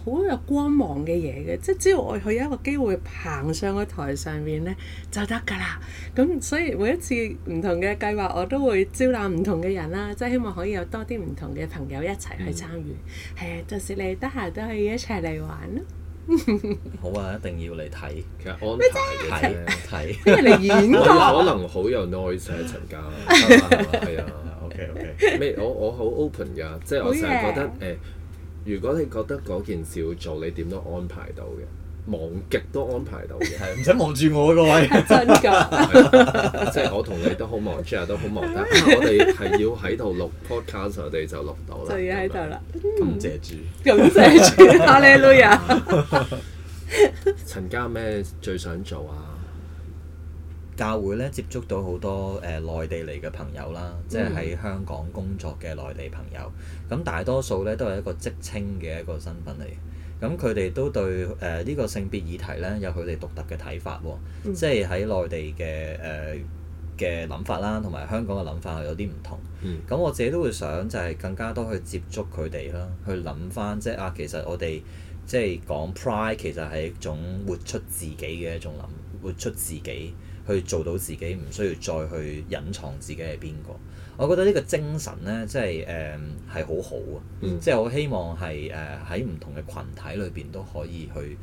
Speaker 3: 好有光芒嘅嘢嘅，即係只要我佢有一個機會行上個台上面咧就得㗎啦。咁所以每一次唔同嘅計劃，我都會招攬唔同嘅人啦，即係希望可以有多啲唔同嘅朋友一齊去參與。誒、mm hmm.，到時你得閒都可以一齊嚟玩咯～
Speaker 1: 好啊，一定要嚟睇。其實安排嘅睇，邊人嚟演我可能好有耐性、啊、陳嘉。係啊，OK OK。咩？我我好 open 㗎，即係我成日覺得誒，如果你覺得嗰件事要做，你點都安排到嘅。忙極都安排到嘅，唔使望住我個、啊、位，真㗎！即係、 就是、我同你都好忙，share 都好忙，我哋係要喺度錄 podcast，我哋就錄到啦，就喺度啦，咁、嗯、謝主！咁謝主！哈利路亞！ 陳家咩
Speaker 2: 最想做啊？教會呢接觸到好多誒、呃、內地嚟嘅朋友啦，即係喺香港工作嘅內地朋友，咁大多數呢都係一個職稱嘅一個身份嚟。咁佢哋都對誒呢、呃這個性別議題咧，有佢哋獨特嘅睇法喎、哦，嗯、即係喺內地嘅誒嘅諗法啦，同埋香港嘅諗法係有啲唔同。咁、嗯、我自己都會想就係更加多去接觸佢哋啦，去諗返即係啊，其實我哋即係講 Pride 其實係一種活出自己嘅一種諗，活出自己去做到自己，唔需要再去隱藏自己係邊個。我覺得呢個精神咧，即係誒係好好啊！嗯、即係我希望係誒喺唔同嘅群體裏邊都可以去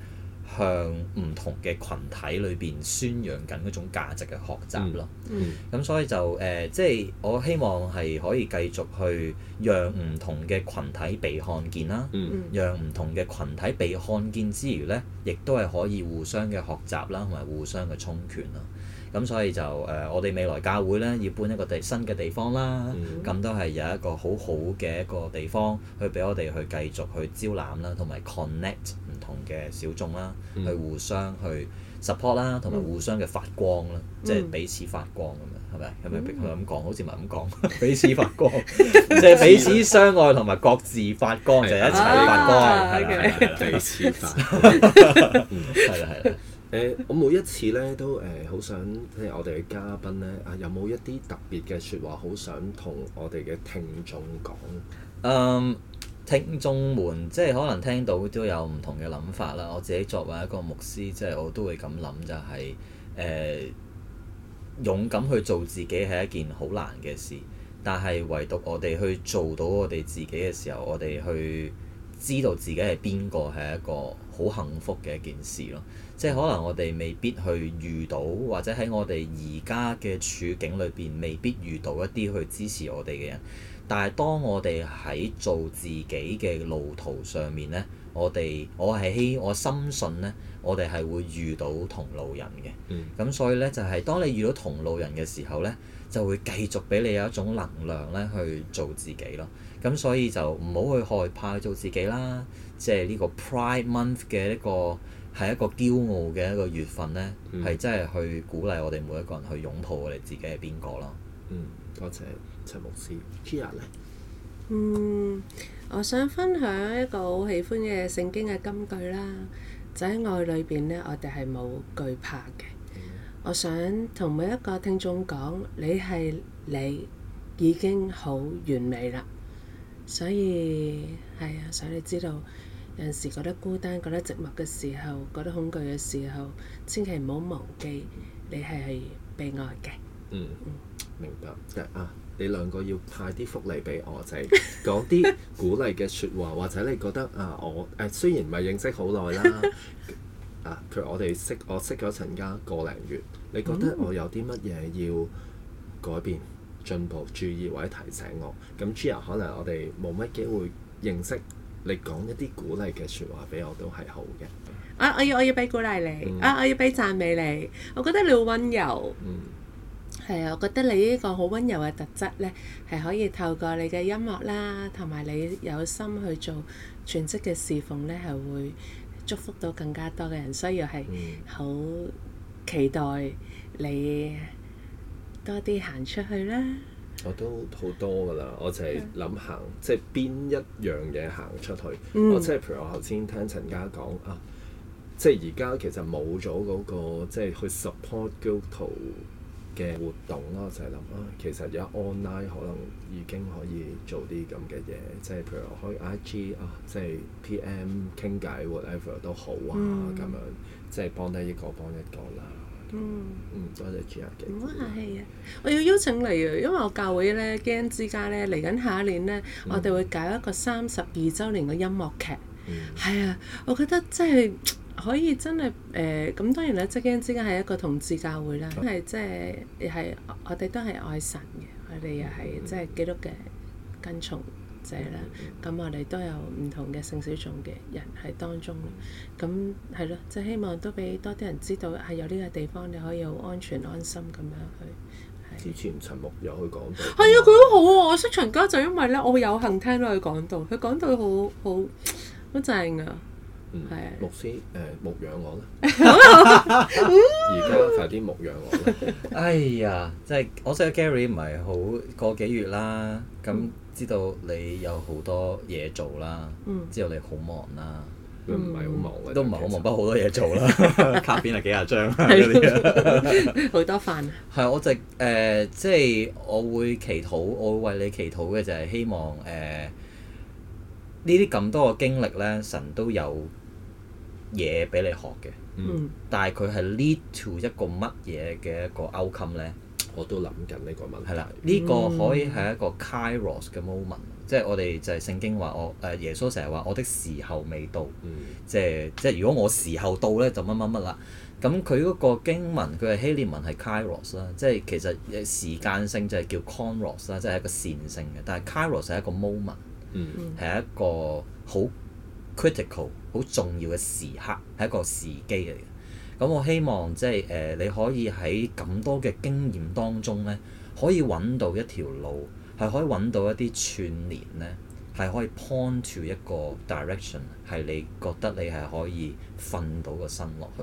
Speaker 2: 向唔同嘅群體裏邊宣揚緊嗰種價值嘅學習咯。咁、
Speaker 4: 嗯
Speaker 2: 嗯、所以就誒、呃，即係我希望係可以繼續去讓唔同嘅群體被看見啦，嗯嗯、讓唔同嘅群體被看見之餘咧，亦都係可以互相嘅學習啦，同埋互相嘅充權啦。咁所以就誒，我哋未來教會咧要搬一個地新嘅地方啦，咁都係有一個好好嘅一個地方，去俾我哋去繼續去招攬啦，同埋 connect 唔同嘅小眾啦，去互相去 support 啦，同埋互相嘅發光啦，即係彼此發光咁樣，係咪？係咪佢咁講？好似唔係咁講，彼此發光，即係彼此相愛同埋各自發光，就係
Speaker 4: 一齊發光，係啦係啦，彼此發，係啦係啦。
Speaker 1: 我每一次咧都誒，好想即係我哋嘅嘉賓咧啊，有冇一啲特別嘅説話，好想同我哋嘅聽眾講？嗯，聽眾
Speaker 2: 們，即係可能聽到都有唔同嘅諗法啦。我自己作為一個牧師，即係我都會咁諗，就係誒勇敢去做自己係一件好難嘅事，但係唯獨我哋去做到我哋自己嘅時候，我哋去知道自己係邊個，係一個好幸福嘅一件事咯。即係可能我哋未必去遇到，或者喺我哋而家嘅處境裏邊未必遇到一啲去支持我哋嘅人。但係當我哋喺做自己嘅路途上面呢，我哋我係希我深信呢，我哋係會遇到同路人嘅。咁、嗯、所以呢，就係、是、當你遇到同路人嘅時候呢，就會繼續俾你有一種能量呢去做自己咯。咁所以就唔好去害怕做自己啦。即係呢個 Pride Month 嘅一、這個。係一個驕傲嘅一個月份呢係、嗯、真係去鼓勵我哋每一個人去擁抱我哋自己係邊個咯。多
Speaker 1: 謝陳牧師。Gia 咧，嗯，
Speaker 3: 我想分享一個好喜歡嘅聖經嘅金句啦，就喺愛裏邊呢，我哋係冇懼怕嘅。嗯、我想同每一個聽眾講，你係你已經好完美啦，所以係啊，所以你知道。有時覺得孤單、覺得寂寞嘅時候、覺得恐懼嘅時候，千祈唔好忘記你係被愛嘅。嗯，
Speaker 1: 明白。即啊，你兩個要派啲福利俾我仔，講啲鼓勵嘅説話， 或者你覺得啊，我誒、啊、雖然唔係認識好耐啦， 啊，譬如我哋識我識咗陳嘉個零月，你覺得我有啲乜嘢要改變、進步、注意或者提醒我？咁 Gia 可能我哋冇乜機會認識。你講一啲鼓勵嘅説話俾我都係好嘅。
Speaker 3: 啊，我要我要俾鼓勵你。嗯、啊，我要俾讚美你。我覺得你好溫柔。
Speaker 1: 嗯。
Speaker 3: 係啊，我覺得你呢個好溫柔嘅特質呢，係可以透過你嘅音樂啦，同埋你有心去做全職嘅侍奉呢，係會祝福到更加多嘅人。所以係好期待你多啲行出去啦。嗯嗯
Speaker 1: 我都好多噶啦，我就係諗行，即係邊一樣嘢行出去。嗯、我即係譬如我頭先聽陳嘉講啊，即係而家其實冇咗嗰個即係去 support g o t o 嘅活動啦，就係諗啊，其實而家 online 可能已經可以做啲咁嘅嘢，即係譬如我開 IG 啊，即係 PM 傾偈 whatever 都好啊，咁、嗯、樣即係幫得一個幫一個啦。嗯，嗯，多謝唔好
Speaker 3: 客氣啊！我要邀請你啊，因為我教會咧，基恩之家咧嚟緊下一年咧，嗯、我哋會搞一個三十二週年嘅音樂劇。係、嗯、啊，我覺得即係可以真係誒咁。當然啦，即基恩之家係一個同志教會啦，係即係又係我哋都係愛神嘅，我哋又係即係基督嘅跟從。者啦，咁我哋都有唔同嘅性小眾嘅人喺當中，咁係咯，即係希望都俾多啲人知道係有呢個地方你可以好安全安心咁樣去。
Speaker 1: 之前陳木有去講
Speaker 3: 到，係啊，佢都好啊！我識陳嘉就因為咧，我有幸聽到佢講到，佢講到好好好正啊！係
Speaker 1: 牧師誒牧養我
Speaker 2: 咧，而家快啲牧養我啦！哎呀，即係我識 Gary 唔係好個幾月啦，咁。知道你有好多嘢做啦，嗯、知道你好忙啦，都唔係好忙，都唔係好忙，不過好多嘢做啦，卡片係幾廿張，好多飯。係，我就誒、呃，即係我會祈禱，我會為你祈禱嘅就係希望誒，呢啲咁多嘅經歷咧，神都有嘢俾你學嘅，嗯、但係佢係 lead to 一個乜嘢嘅一個 outcome 咧？我都諗緊呢個問題。係啦，呢、這個可以係一個 kairos 嘅 moment，、嗯、即係我哋就係聖經話我誒耶穌成日話我的時候未到，嗯、即係即係如果我時候到咧就乜乜乜啦。咁佢嗰個經文佢係希臘文係 kairos 啦，即係其實時間性就係叫 chronos 啦，即係一個線性嘅。但係 kairos 係一個 moment，係、嗯、一個好 critical、好重要嘅時刻，係一個時機嚟。咁我希望即係誒你可以喺咁多嘅經驗當中咧，可以揾到一條路，係可以揾到一啲串聯咧，係可以 point to 一個 direction，係你覺得你係可以瞓到個身落去，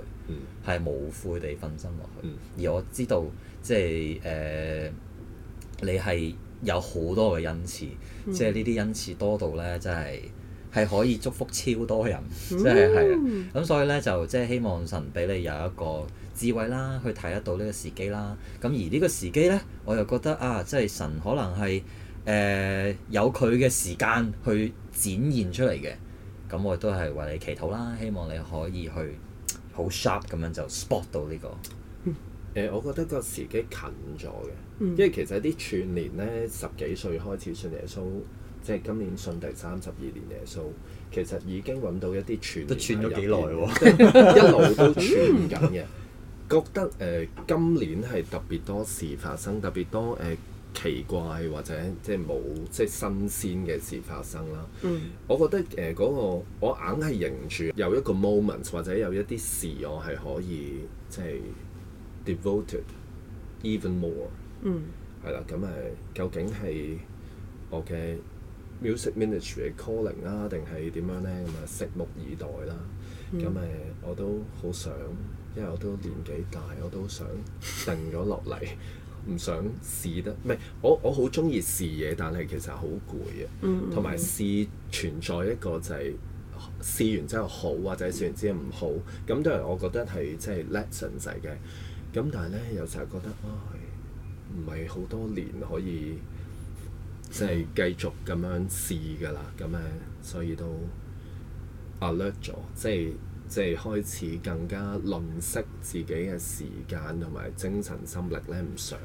Speaker 2: 係、嗯、無悔地瞓身落去。嗯、而我知道、就是呃嗯、即係誒你係有好多嘅恩賜，即係呢啲恩賜多到咧，真係。係可以祝福超多人，即係係啊，咁、mm hmm。所以咧就即係希望神俾你有一個智慧啦，去睇得到呢個時機啦。咁而呢個時機咧，我又覺得啊，即係神可能係誒、呃、有佢嘅時間去展現出嚟嘅。咁我都係為你祈禱啦，希望你可以去好 sharp 咁樣就 spot 到
Speaker 1: 呢、這個。誒、嗯呃，我覺得個時機近咗嘅，因為其實啲串年咧，十幾歲開始信耶穌。即係今年信第三十二年嘅耶穌，其實已經揾到一啲串。都串咗幾耐喎， 一路都串緊嘅。 覺得誒、呃、今年係特別多事發生，特別多誒、呃、奇怪或者即係冇即係新鮮嘅事發生啦。嗯，我覺得誒嗰、呃那個我硬係凝住有一個 moment 或者有一啲事我係可以即係、就是、devoted even more。嗯，係啦，咁係、呃、究竟係 OK？Music ministry 嘅 calling 啊，定係點樣咧？咁啊，拭目以待啦。
Speaker 4: 咁誒、嗯，
Speaker 1: 我都好想，因為我都年紀大，我都想、嗯、定咗落嚟，唔想試得。唔係，我我好中意試嘢，但係其實好攰啊。同埋、嗯嗯、試存在一個就係、是、試完之後好或者試完之後唔好。咁都係我覺得係即係 lesson 仔嘅。咁、就是、但係咧，有時候覺得，唉、哎，唔係好多年可以。即係繼續咁樣試㗎啦，咁誒，所以都 alert 咗，即係即係開始更加吝嗇自己嘅時間同埋精神心力咧，唔想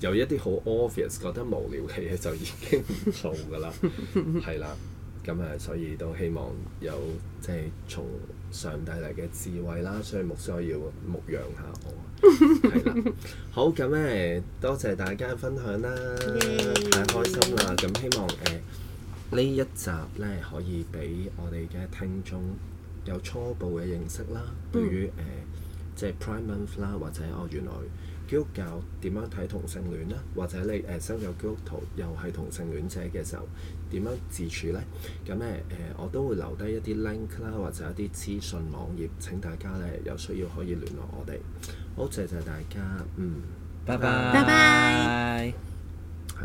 Speaker 1: 有一啲好 obvious 覺得無聊嘅嘢就已經唔做㗎啦，係啦， 咁誒，所以都希望有即係從。上帝嚟嘅智慧啦，所以無需要牧養下我。係 啦，好，咁咧，多謝大家分享啦，yeah，太開心啦！咁 yeah. 希望誒呢、呃、一集咧可以俾我哋嘅聽眾有初步嘅認識啦。Mm. 對於誒即係 Pride Month 啦，或者我、哦、原來基督教點樣睇同性戀啦，或者你誒身邊有基督徒又係同性戀者嘅時候。點樣自處呢？咁咧誒，我都會留低一啲 link 啦，或者一啲資訊網頁，請大家咧有需要可以聯絡我哋。好，謝謝大家，嗯，拜拜。拜
Speaker 2: 拜。